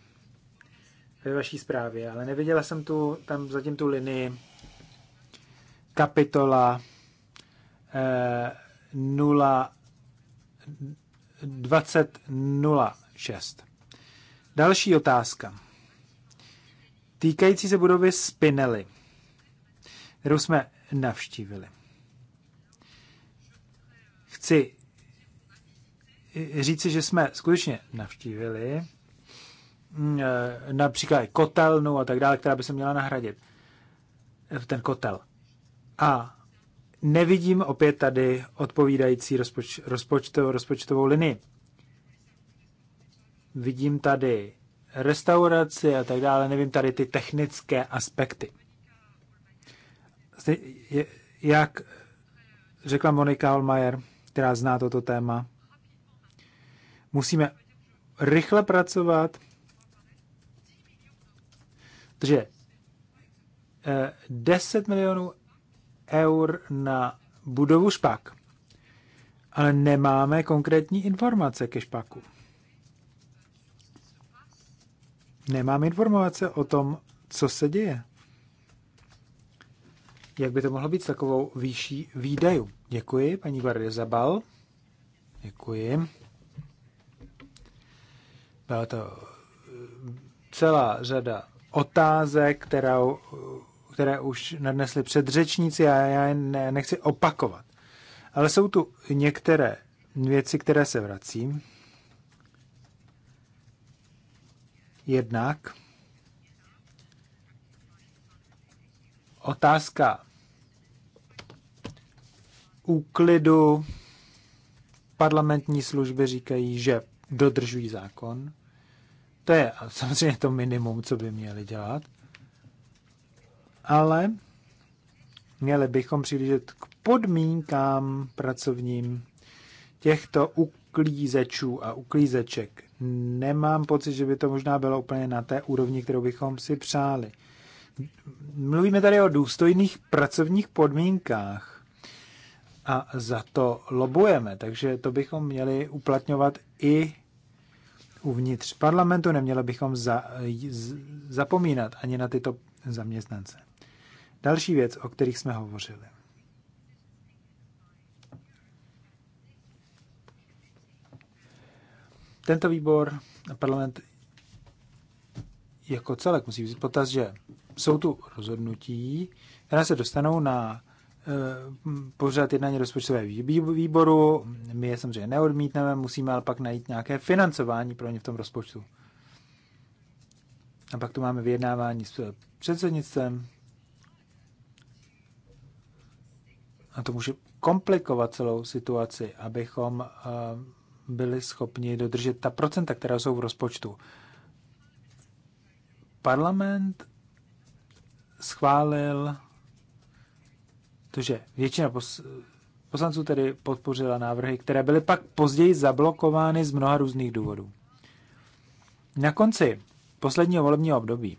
ve vaší zprávě, ale neviděla jsem tu, tam zatím tu linii kapitola eh, 0 2006. Další otázka. Týkající se budovy Spinelli, kterou jsme navštívili. Chci říci, že jsme skutečně navštívili Eh, například kotelnu a tak dále, která by se měla nahradit. Eh, ten kotel. A nevidím opět tady odpovídající rozpoč, rozpočtovou, rozpočtovou linii. Vidím tady restauraci a tak dále, nevím tady ty technické aspekty. Jak řekla Monika Holmajer, která zná toto téma, musíme rychle pracovat, takže 10 eh, milionů eur na budovu špak, ale nemáme konkrétní informace ke špaku. Nemám informace o tom, co se děje. Jak by to mohlo být s takovou výšší výdajů? Děkuji, paní Barry Zabal. Děkuji. Byla to eh, celá řada otázek, kterou, které už nadnesli předřečníci a já je ne, nechci opakovat. Ale jsou tu některé věci, které se vracím. Jednak otázka úklidu parlamentní služby říkají, že dodržují zákon. To je samozřejmě to minimum, co by měli dělat. Ale měli bychom přihlížet k podmínkám pracovním těchto uklízečů a uklízeček. Nemám pocit, že by to možná bylo úplně na té úrovni, kterou bychom si přáli. Mluvíme tady o důstojných pracovních podmínkách a za to lobujeme, takže to bychom měli uplatňovat i uvnitř parlamentu. Neměli bychom za, z, zapomínat ani na tyto zaměstnance. Další věc, o kterých jsme hovořili. Tento výbor a parlament jako celek musí vzít potaz, že jsou tu rozhodnutí, která se dostanou na Eh, pořád jednání rozpočtové výboru. My je samozřejmě neodmítneme, musíme ale pak najít nějaké financování pro ně v tom rozpočtu. A pak tu máme vyjednávání s předsednictvem. A to může komplikovat celou situaci, abychom eh, byli schopni dodržet ta procenta, která jsou v rozpočtu. Parlament schválil to, že většina poslanců tedy podpořila návrhy, které byly pak později zablokovány z mnoha různých důvodů. Na konci posledního volebního období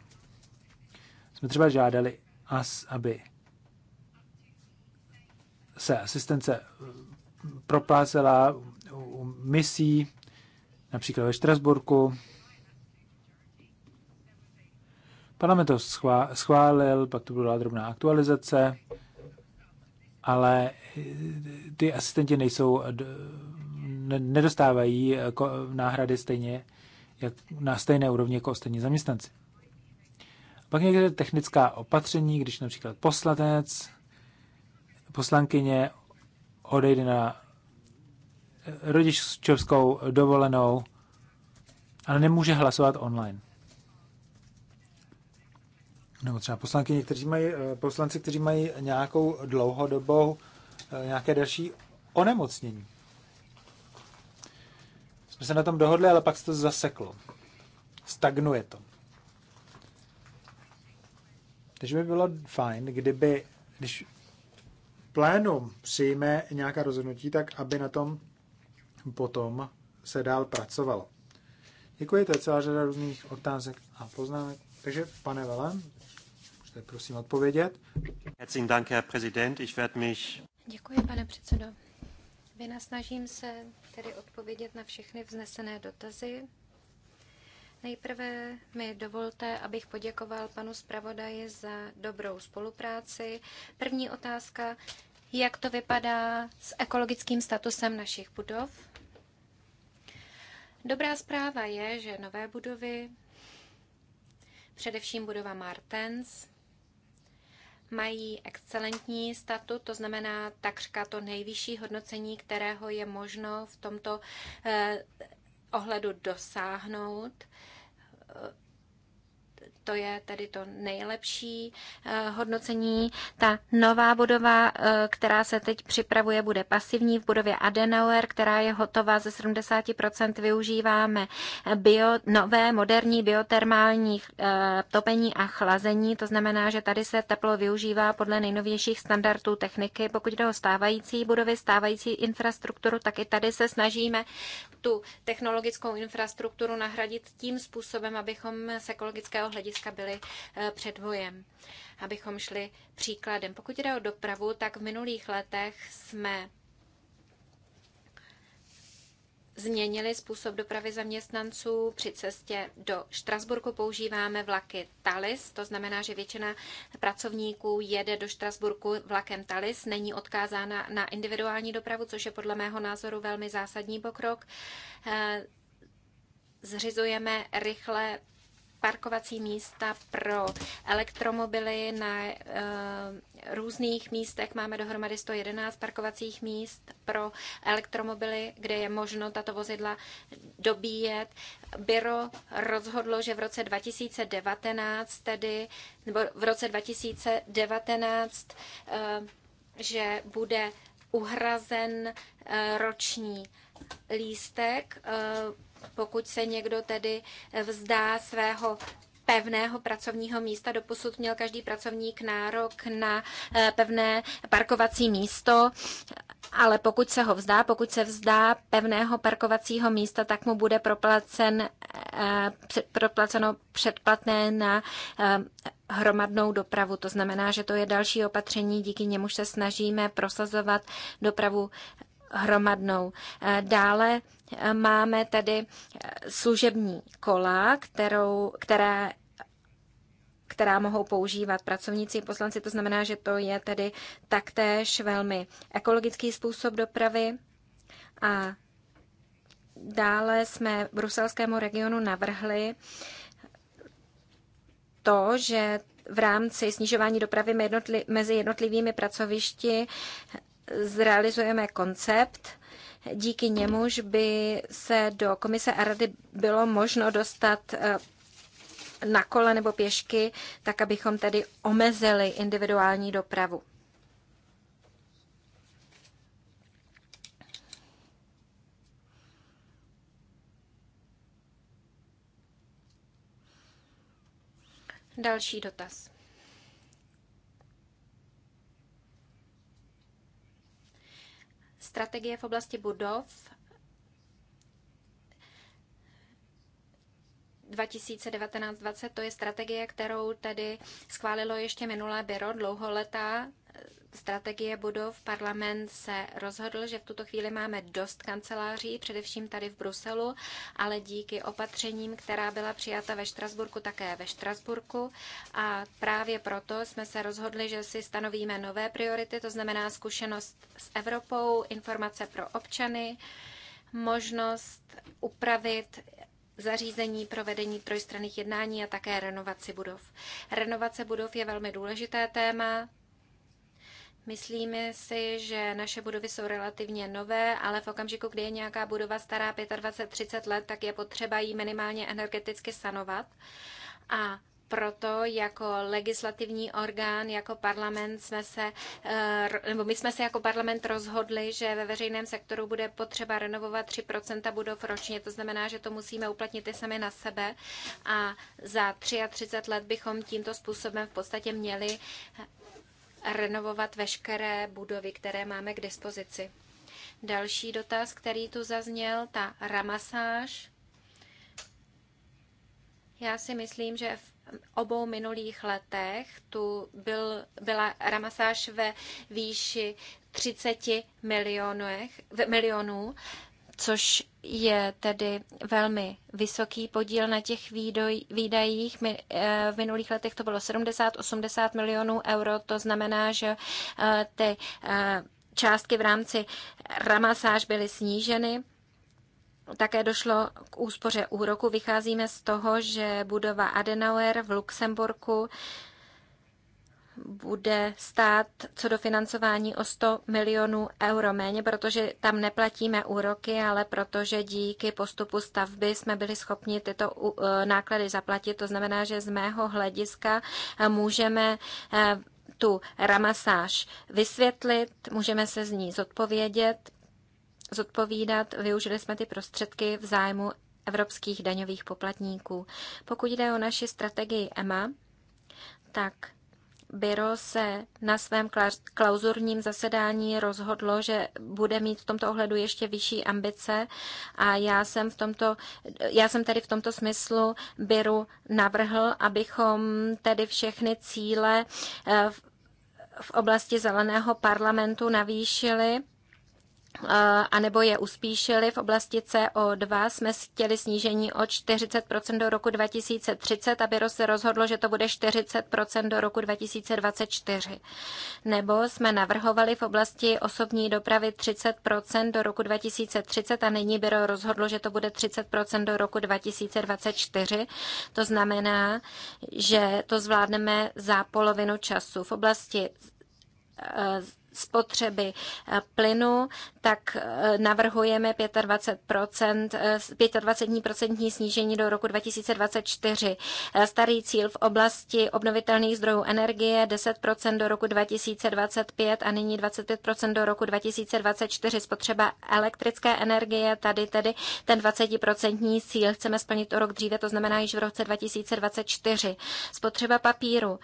jsme třeba žádali AS, aby se asistence proplácela u misí, například ve Štrasburku. Parlament to schválil, pak to byla drobná aktualizace ale eh, ty asistenti nejsou, nedostávají eh, náhrady stejně, jak na stejné úrovni jako ostatní zaměstnanci. Pak někde technická opatření, když například poslanec, poslankyně odejde na eh, rodičovskou dovolenou, ale nemůže hlasovat online nebo třeba poslankyně, kteří mají, eh, poslanci, kteří mají nějakou dlouhodobou, eh, nějaké další onemocnění. Jsme se na tom dohodli, ale pak se to zaseklo. Stagnuje to. Takže by bylo fajn, kdyby, když plénum přijme nějaká rozhodnutí, tak aby na tom potom se dál pracovalo. Děkuji, to je celá řada různých otázek a poznámek. Takže, pane Velen. Můžete prosím odpovědět? Děkuji, pane předsedo. Vynasnažím se tedy odpovědět na všechny vznesené dotazy. Nejprve mi dovolte, abych poděkoval panu zpravodaji za dobrou spolupráci. První otázka, jak to vypadá s ekologickým statusem našich budov? Dobrá zpráva je, že nové budovy, především budova Martens, mají excelentní statut, to znamená takřka to nejvyšší hodnocení, kterého je možno v tomto eh, ohledu dosáhnout to je tedy to nejlepší eh, hodnocení. Ta nová budova, eh, která se teď připravuje, bude pasivní v budově Adenauer, která je hotová ze 70%. Využíváme bio, nové moderní biotermální eh, topení a chlazení, to znamená, že tady se teplo využívá podle nejnovějších standardů techniky. Pokud jde o stávající budovy, stávající infrastrukturu, tak i tady se snažíme tu technologickou infrastrukturu nahradit tím způsobem, abychom z ekologického hlediska hlediska byli eh, předvojem, abychom šli příkladem. Pokud jde o dopravu, tak v minulých letech jsme změnili způsob dopravy zaměstnanců. Při cestě do Štrasburku používáme vlaky Talis, to znamená, že většina pracovníků jede do Štrasburku vlakem Talis, není odkázána na individuální dopravu, což je podle mého názoru velmi zásadní pokrok. Eh, zřizujeme rychle parkovací místa pro elektromobily na eh, různých místech. Máme dohromady 111 parkovacích míst pro elektromobily, kde je možno tato vozidla dobíjet. Byro rozhodlo, že v roce 2019, tedy, nebo v roce 2019, eh, že bude uhrazen eh, roční lístek pokud se někdo tedy vzdá svého pevného pracovního místa. Doposud měl každý pracovník nárok na eh, pevné parkovací místo, ale pokud se ho vzdá, pokud se vzdá pevného parkovacího místa, tak mu bude proplacen, eh, proplaceno předplatné na eh, hromadnou dopravu. To znamená, že to je další opatření, díky němuž se snažíme prosazovat dopravu hromadnou. Eh, dále eh, máme tady eh, služební kola, kterou, které která mohou používat pracovníci i poslanci. To znamená, že to je tedy taktéž velmi ekologický způsob dopravy. A dále jsme bruselskému regionu navrhli to, že v rámci snižování dopravy mezi jednotlivými pracovišti zrealizujeme koncept, díky němuž by se do komise a rady bylo možno dostat eh, na kole nebo pěšky, tak abychom tedy omezili individuální dopravu. Další dotaz. strategie v oblasti budov 2019-2020, to je strategie, kterou tedy schválilo ještě minulé byro, dlouholetá strategie budov parlament se rozhodl, že v tuto chvíli máme dost kanceláří, především tady v Bruselu, ale díky opatřením, která byla přijata ve Štrasburku, také ve Štrasburku. A právě proto jsme se rozhodli, že si stanovíme nové priority, to znamená zkušenost s Evropou, informace pro občany, možnost upravit zařízení pro vedení trojstranných jednání a také renovaci budov. Renovace budov je velmi důležité téma, Myslíme si, že naše budovy jsou relativně nové, ale v okamžiku, kdy je nějaká budova stará 25-30 let, tak je potřeba ji minimálně energeticky sanovat. A proto jako legislativní orgán, jako parlament jsme se, eh, nebo my jsme se jako parlament rozhodli, že ve veřejném sektoru bude potřeba renovovat 3 budov ročně. To znamená, že to musíme uplatnit i sami na sebe a za 33 let bychom tímto způsobem v podstatě měli renovovat veškeré budovy, které máme k dispozici. Další dotaz, který tu zazněl, ta ramasáž. Já si myslím, že v obou minulých letech tu byl, byla ramasáž ve výši 30 milionů. milionů což je tedy velmi vysoký podíl na těch výdoj, výdajích. Eh, v minulých letech to bylo 70-80 milionů euro, to znamená, že eh, ty eh, částky v rámci ramasáž byly sníženy. Také došlo k úspoře úroku. Vycházíme z toho, že budova Adenauer v Luxemburku bude stát co do financování o 100 milionů euro méně, protože tam neplatíme úroky, ale protože díky postupu stavby jsme byli schopni tyto e, náklady zaplatit. To znamená, že z mého hlediska e, můžeme e, tu ramasáž vysvětlit, můžeme se z ní zodpovědět, zodpovídat. Využili jsme ty prostředky v zájmu evropských daňových poplatníků. Pokud jde o naši strategii EMA, tak Biro se na svém klauzurním zasedání rozhodlo, že bude mít v tomto ohledu ještě vyšší ambice a já jsem, v tomto, já jsem tady v tomto smyslu byru navrhl, abychom tedy všechny cíle eh, v oblasti zeleného parlamentu navýšili a nebo je uspíšili v oblasti CO2, jsme chtěli snížení o 40% do roku 2030 a se rozhodlo, že to bude 40% do roku 2024. Nebo jsme navrhovali v oblasti osobní dopravy 30% do roku 2030 a nyní by rozhodlo, že to bude 30% do roku 2024. To znamená, že to zvládneme za polovinu času. V oblasti eh, spotřeby eh, plynu, tak eh, navrhujeme 25%, 25% eh, snížení do roku 2024. Starý cíl v oblasti obnovitelných zdrojů energie 10% do roku 2025 a nyní 25% do roku 2024. Spotřeba elektrické energie, tady tedy ten 20% cíl chceme splnit o rok dříve, to znamená již v roce 2024. Spotřeba papíru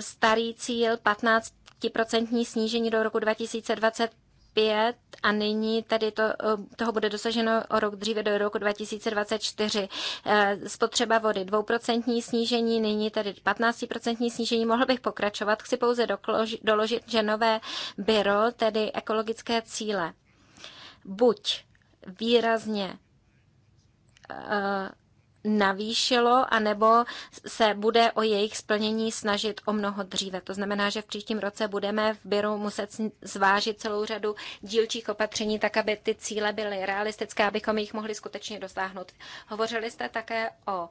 starý cíl 15 5% snížení do roku 2025 a nyní tady to, eh, toho bude dosaženo o rok dříve do roku 2024. Eh, spotřeba vody 2% snížení, nyní tady 15% snížení. Mohl bych pokračovat, chci pouze doklož, doložit, že nové byro, tedy ekologické cíle, buď výrazně eh, navýšilo, anebo se bude o jejich splnění snažit o mnoho dříve. To znamená, že v příštím roce budeme v Biru muset zvážit celou řadu dílčích opatření, tak aby ty cíle byly realistické, abychom jich mohli skutečně dosáhnout. Hovořili jste také o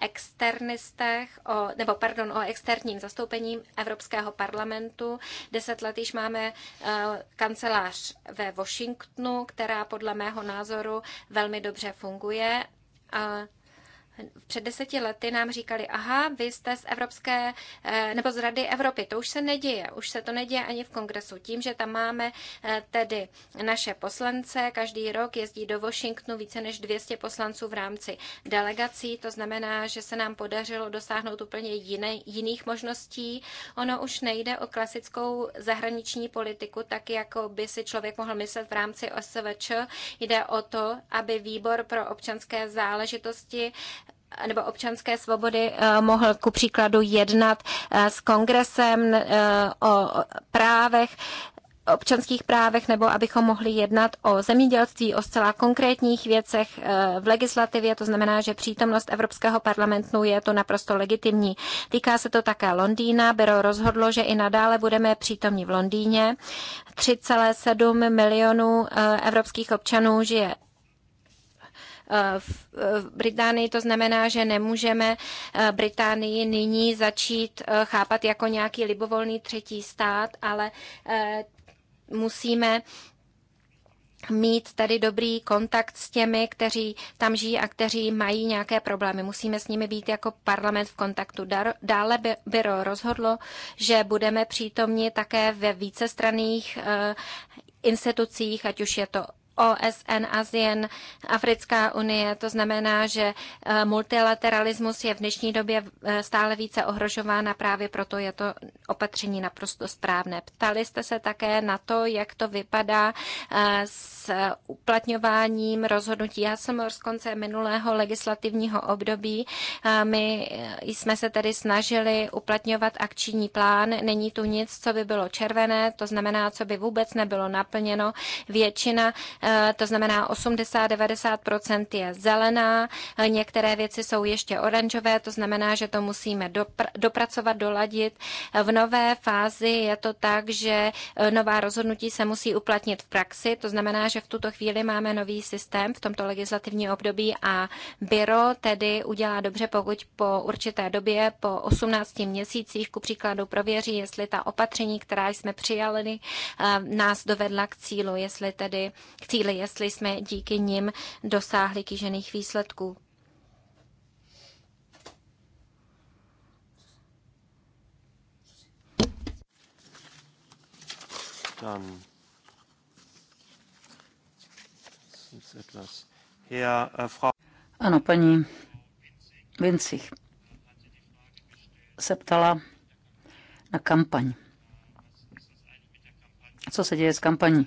externistech, o, nebo pardon, o externím zastoupení Evropského parlamentu. Deset let již máme uh, kancelář ve Washingtonu, která podle mého názoru velmi dobře funguje. Uh, před deseti lety nám říkali, aha, vy jste z Evropské, eh, nebo z Rady Evropy. To už se neděje, už se to neděje ani v kongresu. Tím, že tam máme eh, tedy naše poslance, každý rok jezdí do Washingtonu více než 200 poslanců v rámci delegací, to znamená, že se nám podařilo dosáhnout úplně jiné, jiných možností. Ono už nejde o klasickou zahraniční politiku, tak jako by si člověk mohl myslet v rámci OSVČ. Jde o to, aby výbor pro občanské záležitosti nebo občanské svobody eh, mohl ku příkladu jednat eh, s kongresem eh, o právech občanských právech nebo abychom mohli jednat o zemědělství, o zcela konkrétních věcech v legislativě, to znamená, že přítomnost Evropského parlamentu je to naprosto legitimní. Týká se to také Londýna, byro rozhodlo, že i nadále budeme přítomní v Londýně. 3,7 milionů evropských občanů žije v Británii. To znamená, že nemůžeme eh, Británii nyní začít eh, chápat jako nějaký libovolný třetí stát, ale eh, musíme mít tady dobrý kontakt s těmi, kteří tam žijí a kteří mají nějaké problémy. Musíme s nimi být jako parlament v kontaktu. Dále byro rozhodlo, že budeme přítomni také ve vícestranných institucích, ať už je to OSN, ASEAN, Africká unie. To znamená, že eh, multilateralismus je v dnešní době eh, stále více ohrožován a právě proto je to opatření naprosto správné. Ptali jste se také na to, jak to vypadá eh, s uplatňováním rozhodnutí. Já jsem z konce minulého legislativního období. My jsme se tedy snažili uplatňovat akční plán. Není tu nic, co by bylo červené, to znamená, co by vůbec nebylo naplněno. Většina Eh, to znamená 80-90% je zelená, eh, některé věci jsou ještě oranžové, to znamená, že to musíme dopr- dopracovat, doladit. Eh, v nové fázi je to tak, že nová rozhodnutí se musí uplatnit v praxi, to znamená, že v tuto chvíli máme nový systém v tomto legislativní období a byro tedy udělá dobře, pokud po určité době, po 18 měsících, ku příkladu prověří, jestli ta opatření, která jsme přijali, nás dovedla k cílu, jestli tedy k cíly, jestli jsme díky nim dosáhli kýžených výsledků. Dann etwas. Herr, äh, Frau ano, paní Vincich se ptala na kampaň. Co se děje s kampaní?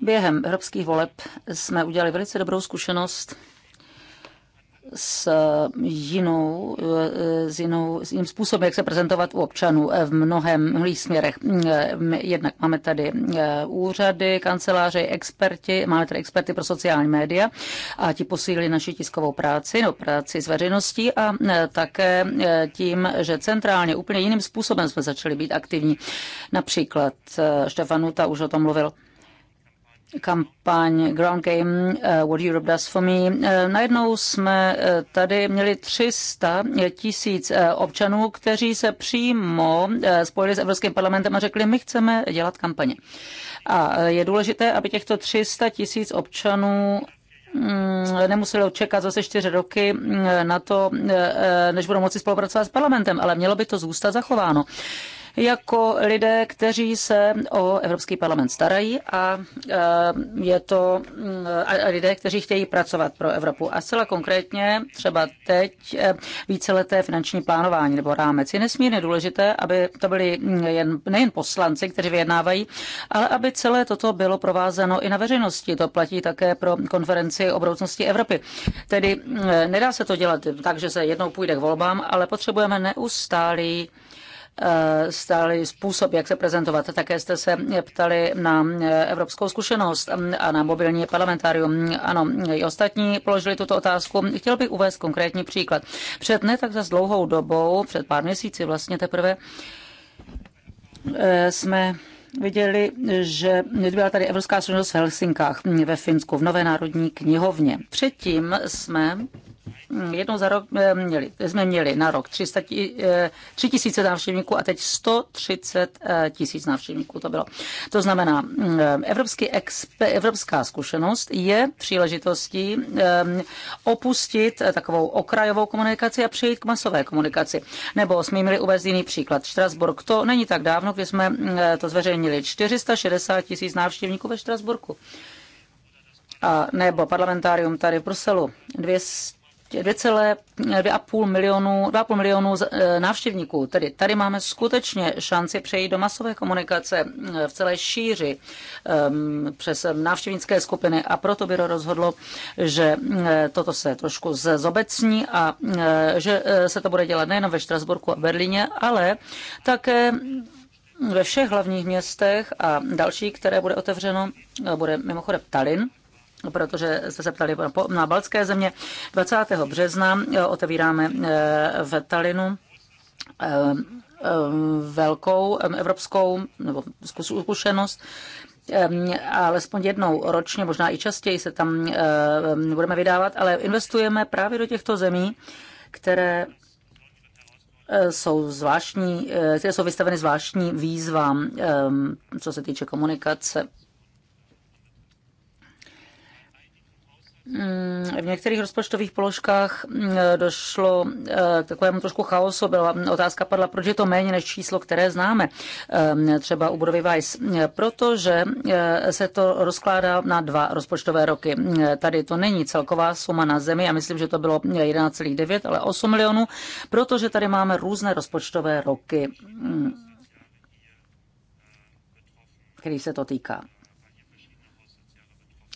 Během evropských voleb jsme udělali velice dobrou zkušenost s jinou, s jinou, s jiným způsobem, jak se prezentovat u občanů v mnohem, mnohých směrech. Jednak máme tady eh, úřady, kanceláře, experti, máme tady experty pro sociální média a ti posílili naši tiskovou práci, no práci s veřejností a eh, také eh, tím, že centrálně úplně jiným způsobem jsme začali být aktivní. Například Štefan Nuta už o tom mluvil kampaň Ground Game eh, What Europe Does For Me. Eh, najednou jsme eh, tady měli 300 tisíc občanů, kteří se přímo spojili s Evropským parlamentem a řekli, my chceme dělat kampaně. A je důležité, aby těchto 300 tisíc občanů mm, nemuselo čekat zase čtyři roky mm, na to, než budou moci spolupracovat s parlamentem, ale mělo by to zůstat zachováno jako lidé, kteří se o Evropský parlament starají a eh, je to mm, a lidé, kteří chtějí pracovat pro Evropu. A zcela konkrétně třeba teď eh, víceleté finanční plánování nebo rámec. Je nesmírně důležité, aby to byli mm, jen, nejen poslanci, kteří vyjednávají, ale aby celé toto bylo provázeno i na veřejnosti. To platí také pro konferenci o budoucnosti Evropy. Tedy mm, nedá se to dělat tak, že se jednou půjde k volbám, ale potřebujeme neustálý Eh, stály způsob, jak se prezentovat. Také jste se ptali na evropskou zkušenost a na mobilní parlamentárium. Ano, i ostatní položili tuto otázku. Chtěl bych uvést konkrétní příklad. Před ne tak za dlouhou dobou, před pár měsíci vlastně teprve, eh, jsme viděli, že byla tady Evropská zkušenost v Helsinkách ve Finsku, v Nové národní knihovně. Předtím jsme Hmm, jednou za rok eh, měli, jsme měli na rok 300, 3 eh, tisíce návštěvníků a teď 130 eh, tisíc návštěvníků to bylo. To znamená, hmm, evropský exp, evropská zkušenost je příležitostí opustit takovou okrajovou komunikaci a přejít k masové komunikaci. Nebo jsme měli uvést jiný příklad. Štrasburg, to není tak dávno, kdy jsme to zveřejnili 460 tisíc návštěvníků ve Štrasburku. A nebo parlamentárium tady v Bruselu. 200 2,5 milionů, 2,5 milionů návštěvníků. Tedy tady máme skutečně šanci přejít do masové komunikace eh, v celé šíři ehm, přes návštěvnické skupiny a proto by rozhodlo, že eh, toto se trošku zobecní a eh, že se to bude dělat nejen ve Štrasburku a Berlíně, ale také ve všech hlavních městech a další, které bude otevřeno, bude mimochodem Tallinn, protože jste se ptali na balské země. 20. března eh, otevíráme eh, v Talinu eh, velkou evropskou nebo zkušenost alespoň jednou ročně, možná i častěji se tam budeme vydávat, ale investujeme právě do těchto zemí, které jsou zvláštní, které jsou vystaveny zvláštní výzvám, co se týče komunikace v některých rozpočtových položkách mm, došlo eh, k takovému trošku chaosu. Byla otázka padla, proč je to méně než číslo, které známe, eh, třeba u budovy Vice. Protože eh, se to rozkládá na dva rozpočtové roky. Tady to není celková suma na zemi, já myslím, že to bylo 11,9, ale 8 milionů, protože tady máme různé rozpočtové roky, mm, který se to týká.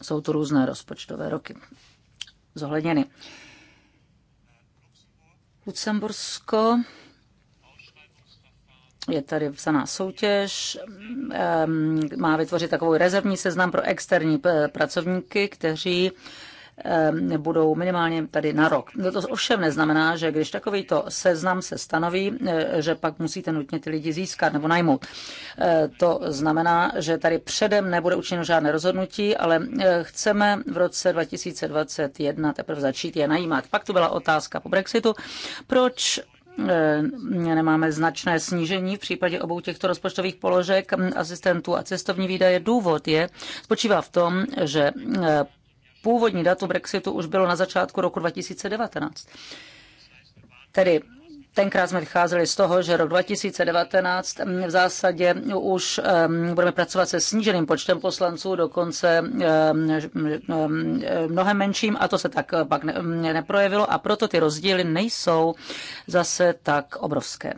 Jsou tu různé rozpočtové roky zohledněny. Lucembursko je tady psaná soutěž, ehm, má vytvořit takovou rezervní seznam pro externí eh, pracovníky, kteří Ehm, budou minimálně tady na rok. No, to ovšem neznamená, že když takovýto seznam se stanoví, eh, že pak musíte nutně ty lidi získat nebo najmout. Eh, to znamená, že tady předem nebude učiněno žádné rozhodnutí, ale eh, chceme v roce 2021 teprve začít je najímat. Pak tu byla otázka po Brexitu. Proč nemáme značné snížení v případě obou těchto rozpočtových položek hm, asistentů a cestovní výdaje. Důvod je, spočívá v tom, že původní datum Brexitu už bylo na začátku roku 2019. Tedy Tenkrát jsme vycházeli z toho, že rok 2019 mm, v zásadě už mm, budeme pracovat se sníženým počtem poslanců, dokonce mm, mnohem menším, a to se tak pak neprojevilo, a proto ty rozdíly nejsou zase tak obrovské.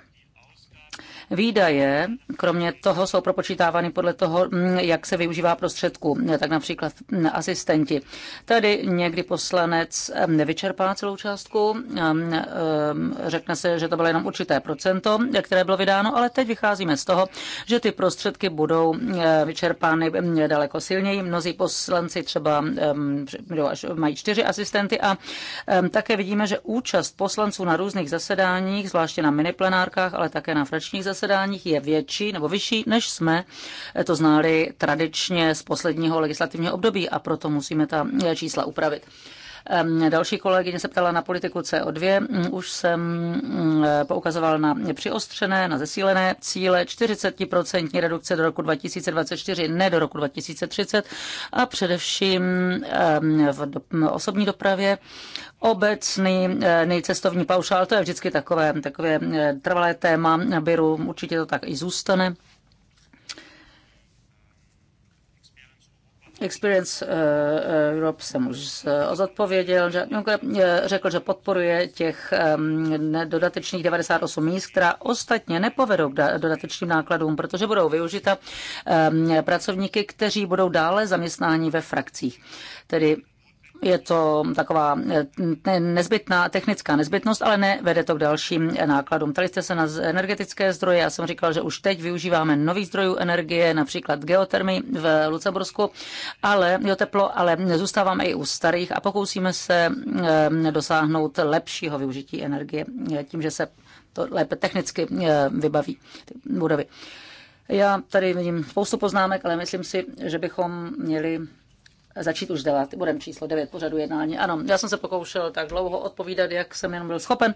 Výdaje, kromě toho, jsou propočítávány podle toho, mm, jak se využívá prostředku, tak například mm, asistenti. Tady někdy poslanec mm, nevyčerpá celou částku, řekne se, že to bylo jenom určité procento, které bylo vydáno, ale teď vycházíme z toho, že ty prostředky budou vyčerpány daleko silněji. Mnozí poslanci třeba mají čtyři asistenty a také vidíme, že účast poslanců na různých zasedáních, zvláště na miniplenárkách, ale také na fračních zasedáních, zasedáních je větší nebo vyšší, než jsme to znali tradičně z posledního legislativního období a proto musíme ta čísla upravit. Další kolegyně se ptala na politiku CO2. Mm, už jsem mm, poukazoval na přiostřené, na zesílené cíle 40% redukce do roku 2024, ne do roku 2030 a především v osobní dopravě obecný e, nejcestovní paušál, to je vždycky takové, takové e, trvalé téma Biru, určitě to tak i zůstane. Experience eh, eh, Europe jsem už odpověděl, že Juncker eh, řekl, že podporuje těch ehm, dodatečných 98 míst, která ostatně nepovedou k dodatečným nákladům, protože budou využita ehm, pracovníky, kteří budou dále zaměstnáni ve frakcích. Tedy je to taková eh, nezbytná technická nezbytnost, ale nevede to k dalším nákladům. Tady jste se na energetické zdroje. Já jsem říkal, že už teď využíváme nových zdrojů energie, například geotermy v Lucembursku, ale jo, teplo, ale zůstáváme i u starých a pokusíme se eh, dosáhnout lepšího využití energie eh, tím, že se to lépe technicky vybaví ty budovy. Já tady vidím spoustu poznámek, ale myslím si, že bychom měli začít už dělat. Budem číslo 9 pořadu jednání. Ano, já jsem se pokoušel tak dlouho odpovídat, jak jsem jenom byl schopen.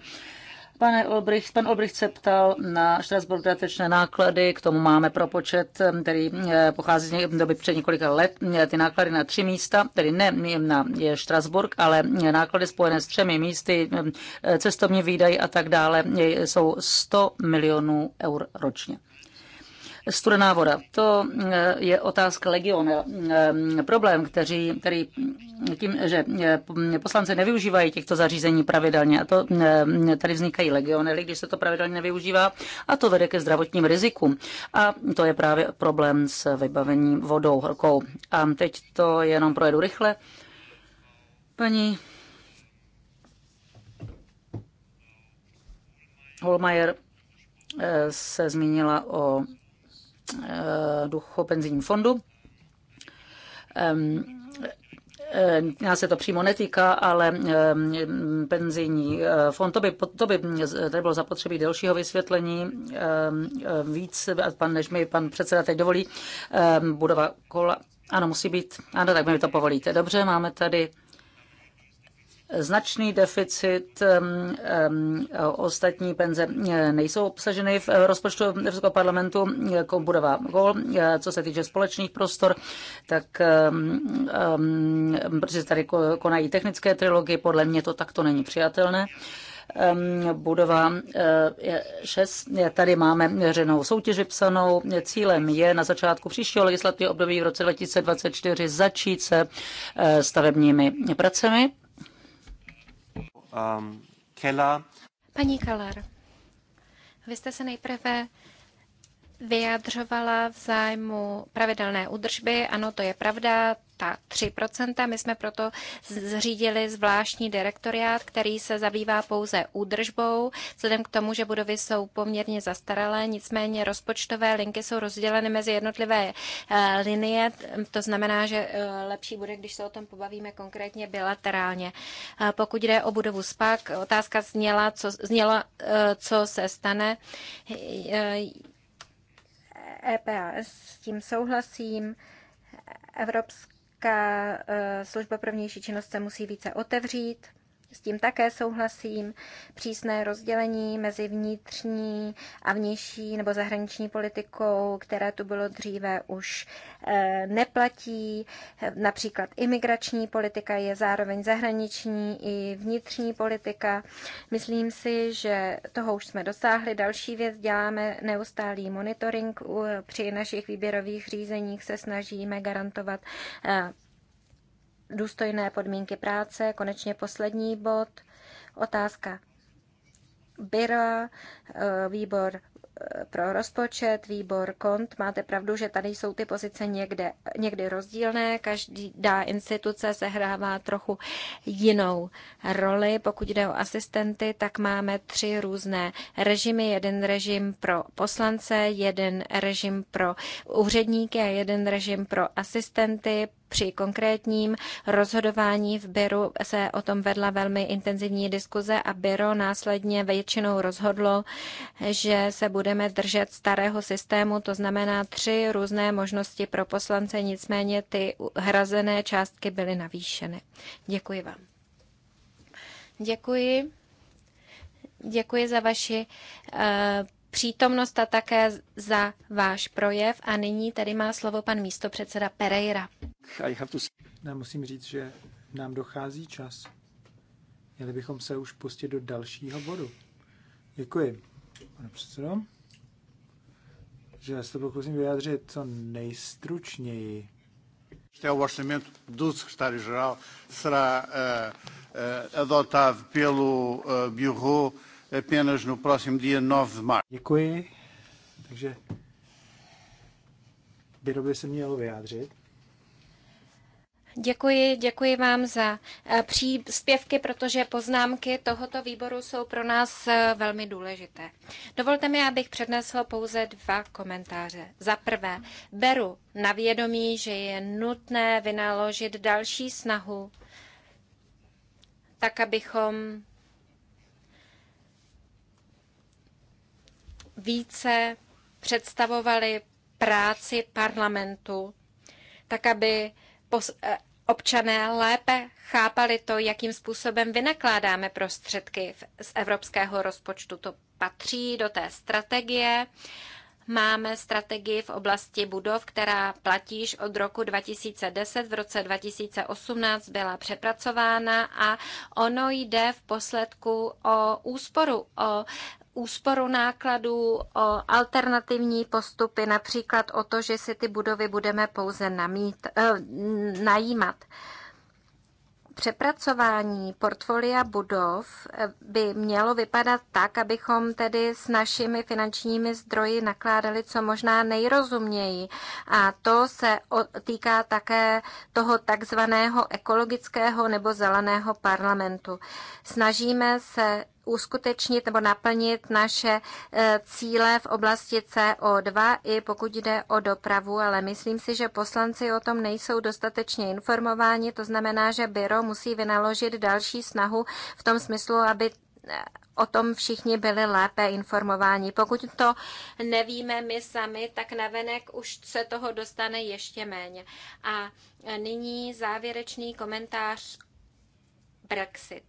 Pane Olbricht, pan Olbricht se ptal na Štrasburg dodatečné náklady, k tomu máme propočet, který eh, pochází z doby před několika let, eh, ty náklady na tři místa, tedy ne na Štrasburg, ale náklady spojené s třemi místy, eh, cestovní výdaje a tak dále, jsou 100 milionů eur ročně. Studená voda, to eh, je otázka legion. Eh, problém, který, který tím, že eh, poslanci nevyužívají těchto zařízení pravidelně, a to tady vznikají legionely, když se to pravidelně nevyužívá, a to vede ke zdravotním rizikům. A to je právě problém s vybavením vodou horkou. A teď to jenom projedu rychle. Paní Holmajer se zmínila o duchu penzijním fondu. já se to přímo netýká, ale penzijní eh, fond, to by, to by tady bylo zapotřebí delšího vysvětlení víc, pan, než mi pan předseda teď dovolí, budova kola. Ano, musí být. Ano, tak mi to povolíte. Dobře, máme tady značný deficit, ostatní penze eh, nejsou obsaženy v eh, rozpočtu Evropského parlamentu, Kombudová jako gol, eh, co se týče společných prostor, tak protože tady konají technické trilogy, podle mě to takto není přijatelné budova 6. Tady máme měřenou soutěž vypsanou. Cílem je na začátku příštího legislativního období v roce 2024 začít se stavebními pracemi. Um, Paní Keller, vy jste se nejprve vyjadřovala v zájmu pravidelné údržby. Ano, to je pravda, ta 3%. My jsme proto zřídili zvláštní direktoriát, který se zabývá pouze údržbou, vzhledem k tomu, že budovy jsou poměrně zastaralé, nicméně rozpočtové linky jsou rozděleny mezi jednotlivé eh, linie, to znamená, že eh, lepší bude, když se o tom pobavíme konkrétně bilaterálně. Eh, pokud jde o budovu SPAK, otázka zněla, co, zněla, co se stane EPAS, s tím souhlasím. Evropská e, služba pro vnější činnost se musí více otevřít s tím také souhlasím. Přísné rozdělení mezi vnitřní a vnější nebo zahraniční politikou, které tu bylo dříve, už eh, neplatí. Například imigrační politika je zároveň zahraniční i vnitřní politika. Myslím si, že toho už jsme dosáhli. Další věc děláme neustálý monitoring. Při našich výběrových řízeních se snažíme garantovat eh, důstojné podmínky práce. Konečně poslední bod, otázka Byra, eh, výbor eh, pro rozpočet, výbor kont. Máte pravdu, že tady jsou ty pozice někde, někdy rozdílné. Každá instituce sehrává trochu jinou roli. Pokud jde o asistenty, tak máme tři různé režimy. Jeden režim pro poslance, jeden režim pro úředníky a jeden režim pro asistenty při konkrétním rozhodování v Byru se o tom vedla velmi intenzivní diskuze a Byro následně většinou rozhodlo, že se budeme držet starého systému, to znamená tři různé možnosti pro poslance, nicméně ty hrazené částky byly navýšeny. Děkuji vám. Děkuji. Děkuji za vaši eh, přítomnost a také za váš projev. A nyní tady má slovo pan místopředseda Pereira. Já musím říct, že nám dochází čas. Měli bychom se už pustit do dalšího bodu. Děkuji, pane předsedo. Že já se to pokusím vyjádřit co nejstručněji. Este orçamento do secretário-geral será uh, uh, adotado pelo uh, Bureau apenas no próximo dia 9 de março. Děkuji. Takže Biro se mělo vyjádřit. Děkuji, děkuji vám za eh, příspěvky, protože poznámky tohoto výboru jsou pro nás eh, velmi důležité. Dovolte mi, abych přednesl pouze dva komentáře. Za prvé, beru na vědomí, že je nutné vynaložit další snahu, tak abychom více představovali práci parlamentu, tak aby eh, občané lépe chápali to, jakým způsobem vynakládáme prostředky z evropského rozpočtu. To patří do té strategie. Máme strategii v oblasti budov, která platíž od roku 2010. V roce 2018 byla přepracována a ono jde v posledku o úsporu, o úsporu nákladů, o alternativní postupy, například o to, že si ty budovy budeme pouze namít, eh, najímat. Přepracování portfolia budov eh, by mělo vypadat tak, abychom tedy s našimi finančními zdroji nakládali co možná nejrozuměji. A to se týká také toho takzvaného ekologického nebo zeleného parlamentu. Snažíme se uskutečnit nebo naplnit naše e, cíle v oblasti CO2, i pokud jde o dopravu, ale myslím si, že poslanci o tom nejsou dostatečně informováni. To znamená, že byro musí vynaložit další snahu v tom smyslu, aby e, o tom všichni byli lépe informováni. Pokud to nevíme my sami, tak navenek už se toho dostane ještě méně. A e, nyní závěrečný komentář Brexit.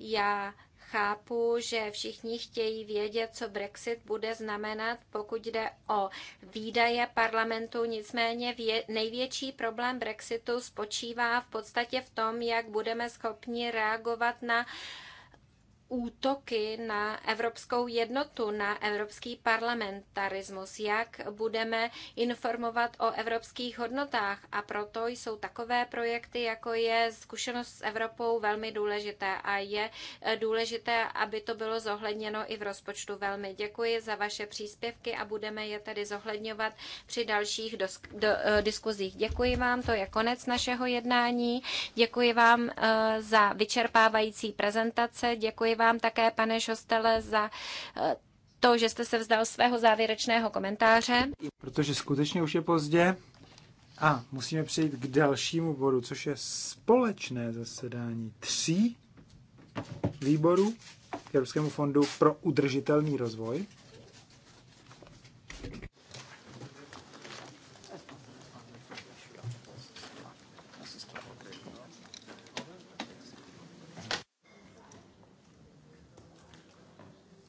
Já Chápu, že všichni chtějí vědět, co Brexit bude znamenat, pokud jde o výdaje parlamentu. Nicméně největší problém Brexitu spočívá v podstatě v tom, jak budeme schopni reagovat na uh, útoky na evropskou jednotu, na evropský parlamentarismus, jak budeme informovat o evropských hodnotách a proto jsou takové projekty, jako je zkušenost s Evropou, velmi důležité a je eh, důležité, aby to bylo zohledněno i v rozpočtu. Velmi děkuji za vaše příspěvky a budeme je tedy zohledňovat při dalších dosk- do, eh, diskuzích. Děkuji vám, to je konec našeho jednání. Děkuji vám eh, za vyčerpávající prezentace, děkuji vám také, pane Šostele, za eh, to, že jste se vzdal svého závěrečného komentáře. Protože skutečně už je pozdě a musíme přejít k dalšímu bodu, což je společné zasedání tří výborů k Evropskému fondu pro udržitelný rozvoj.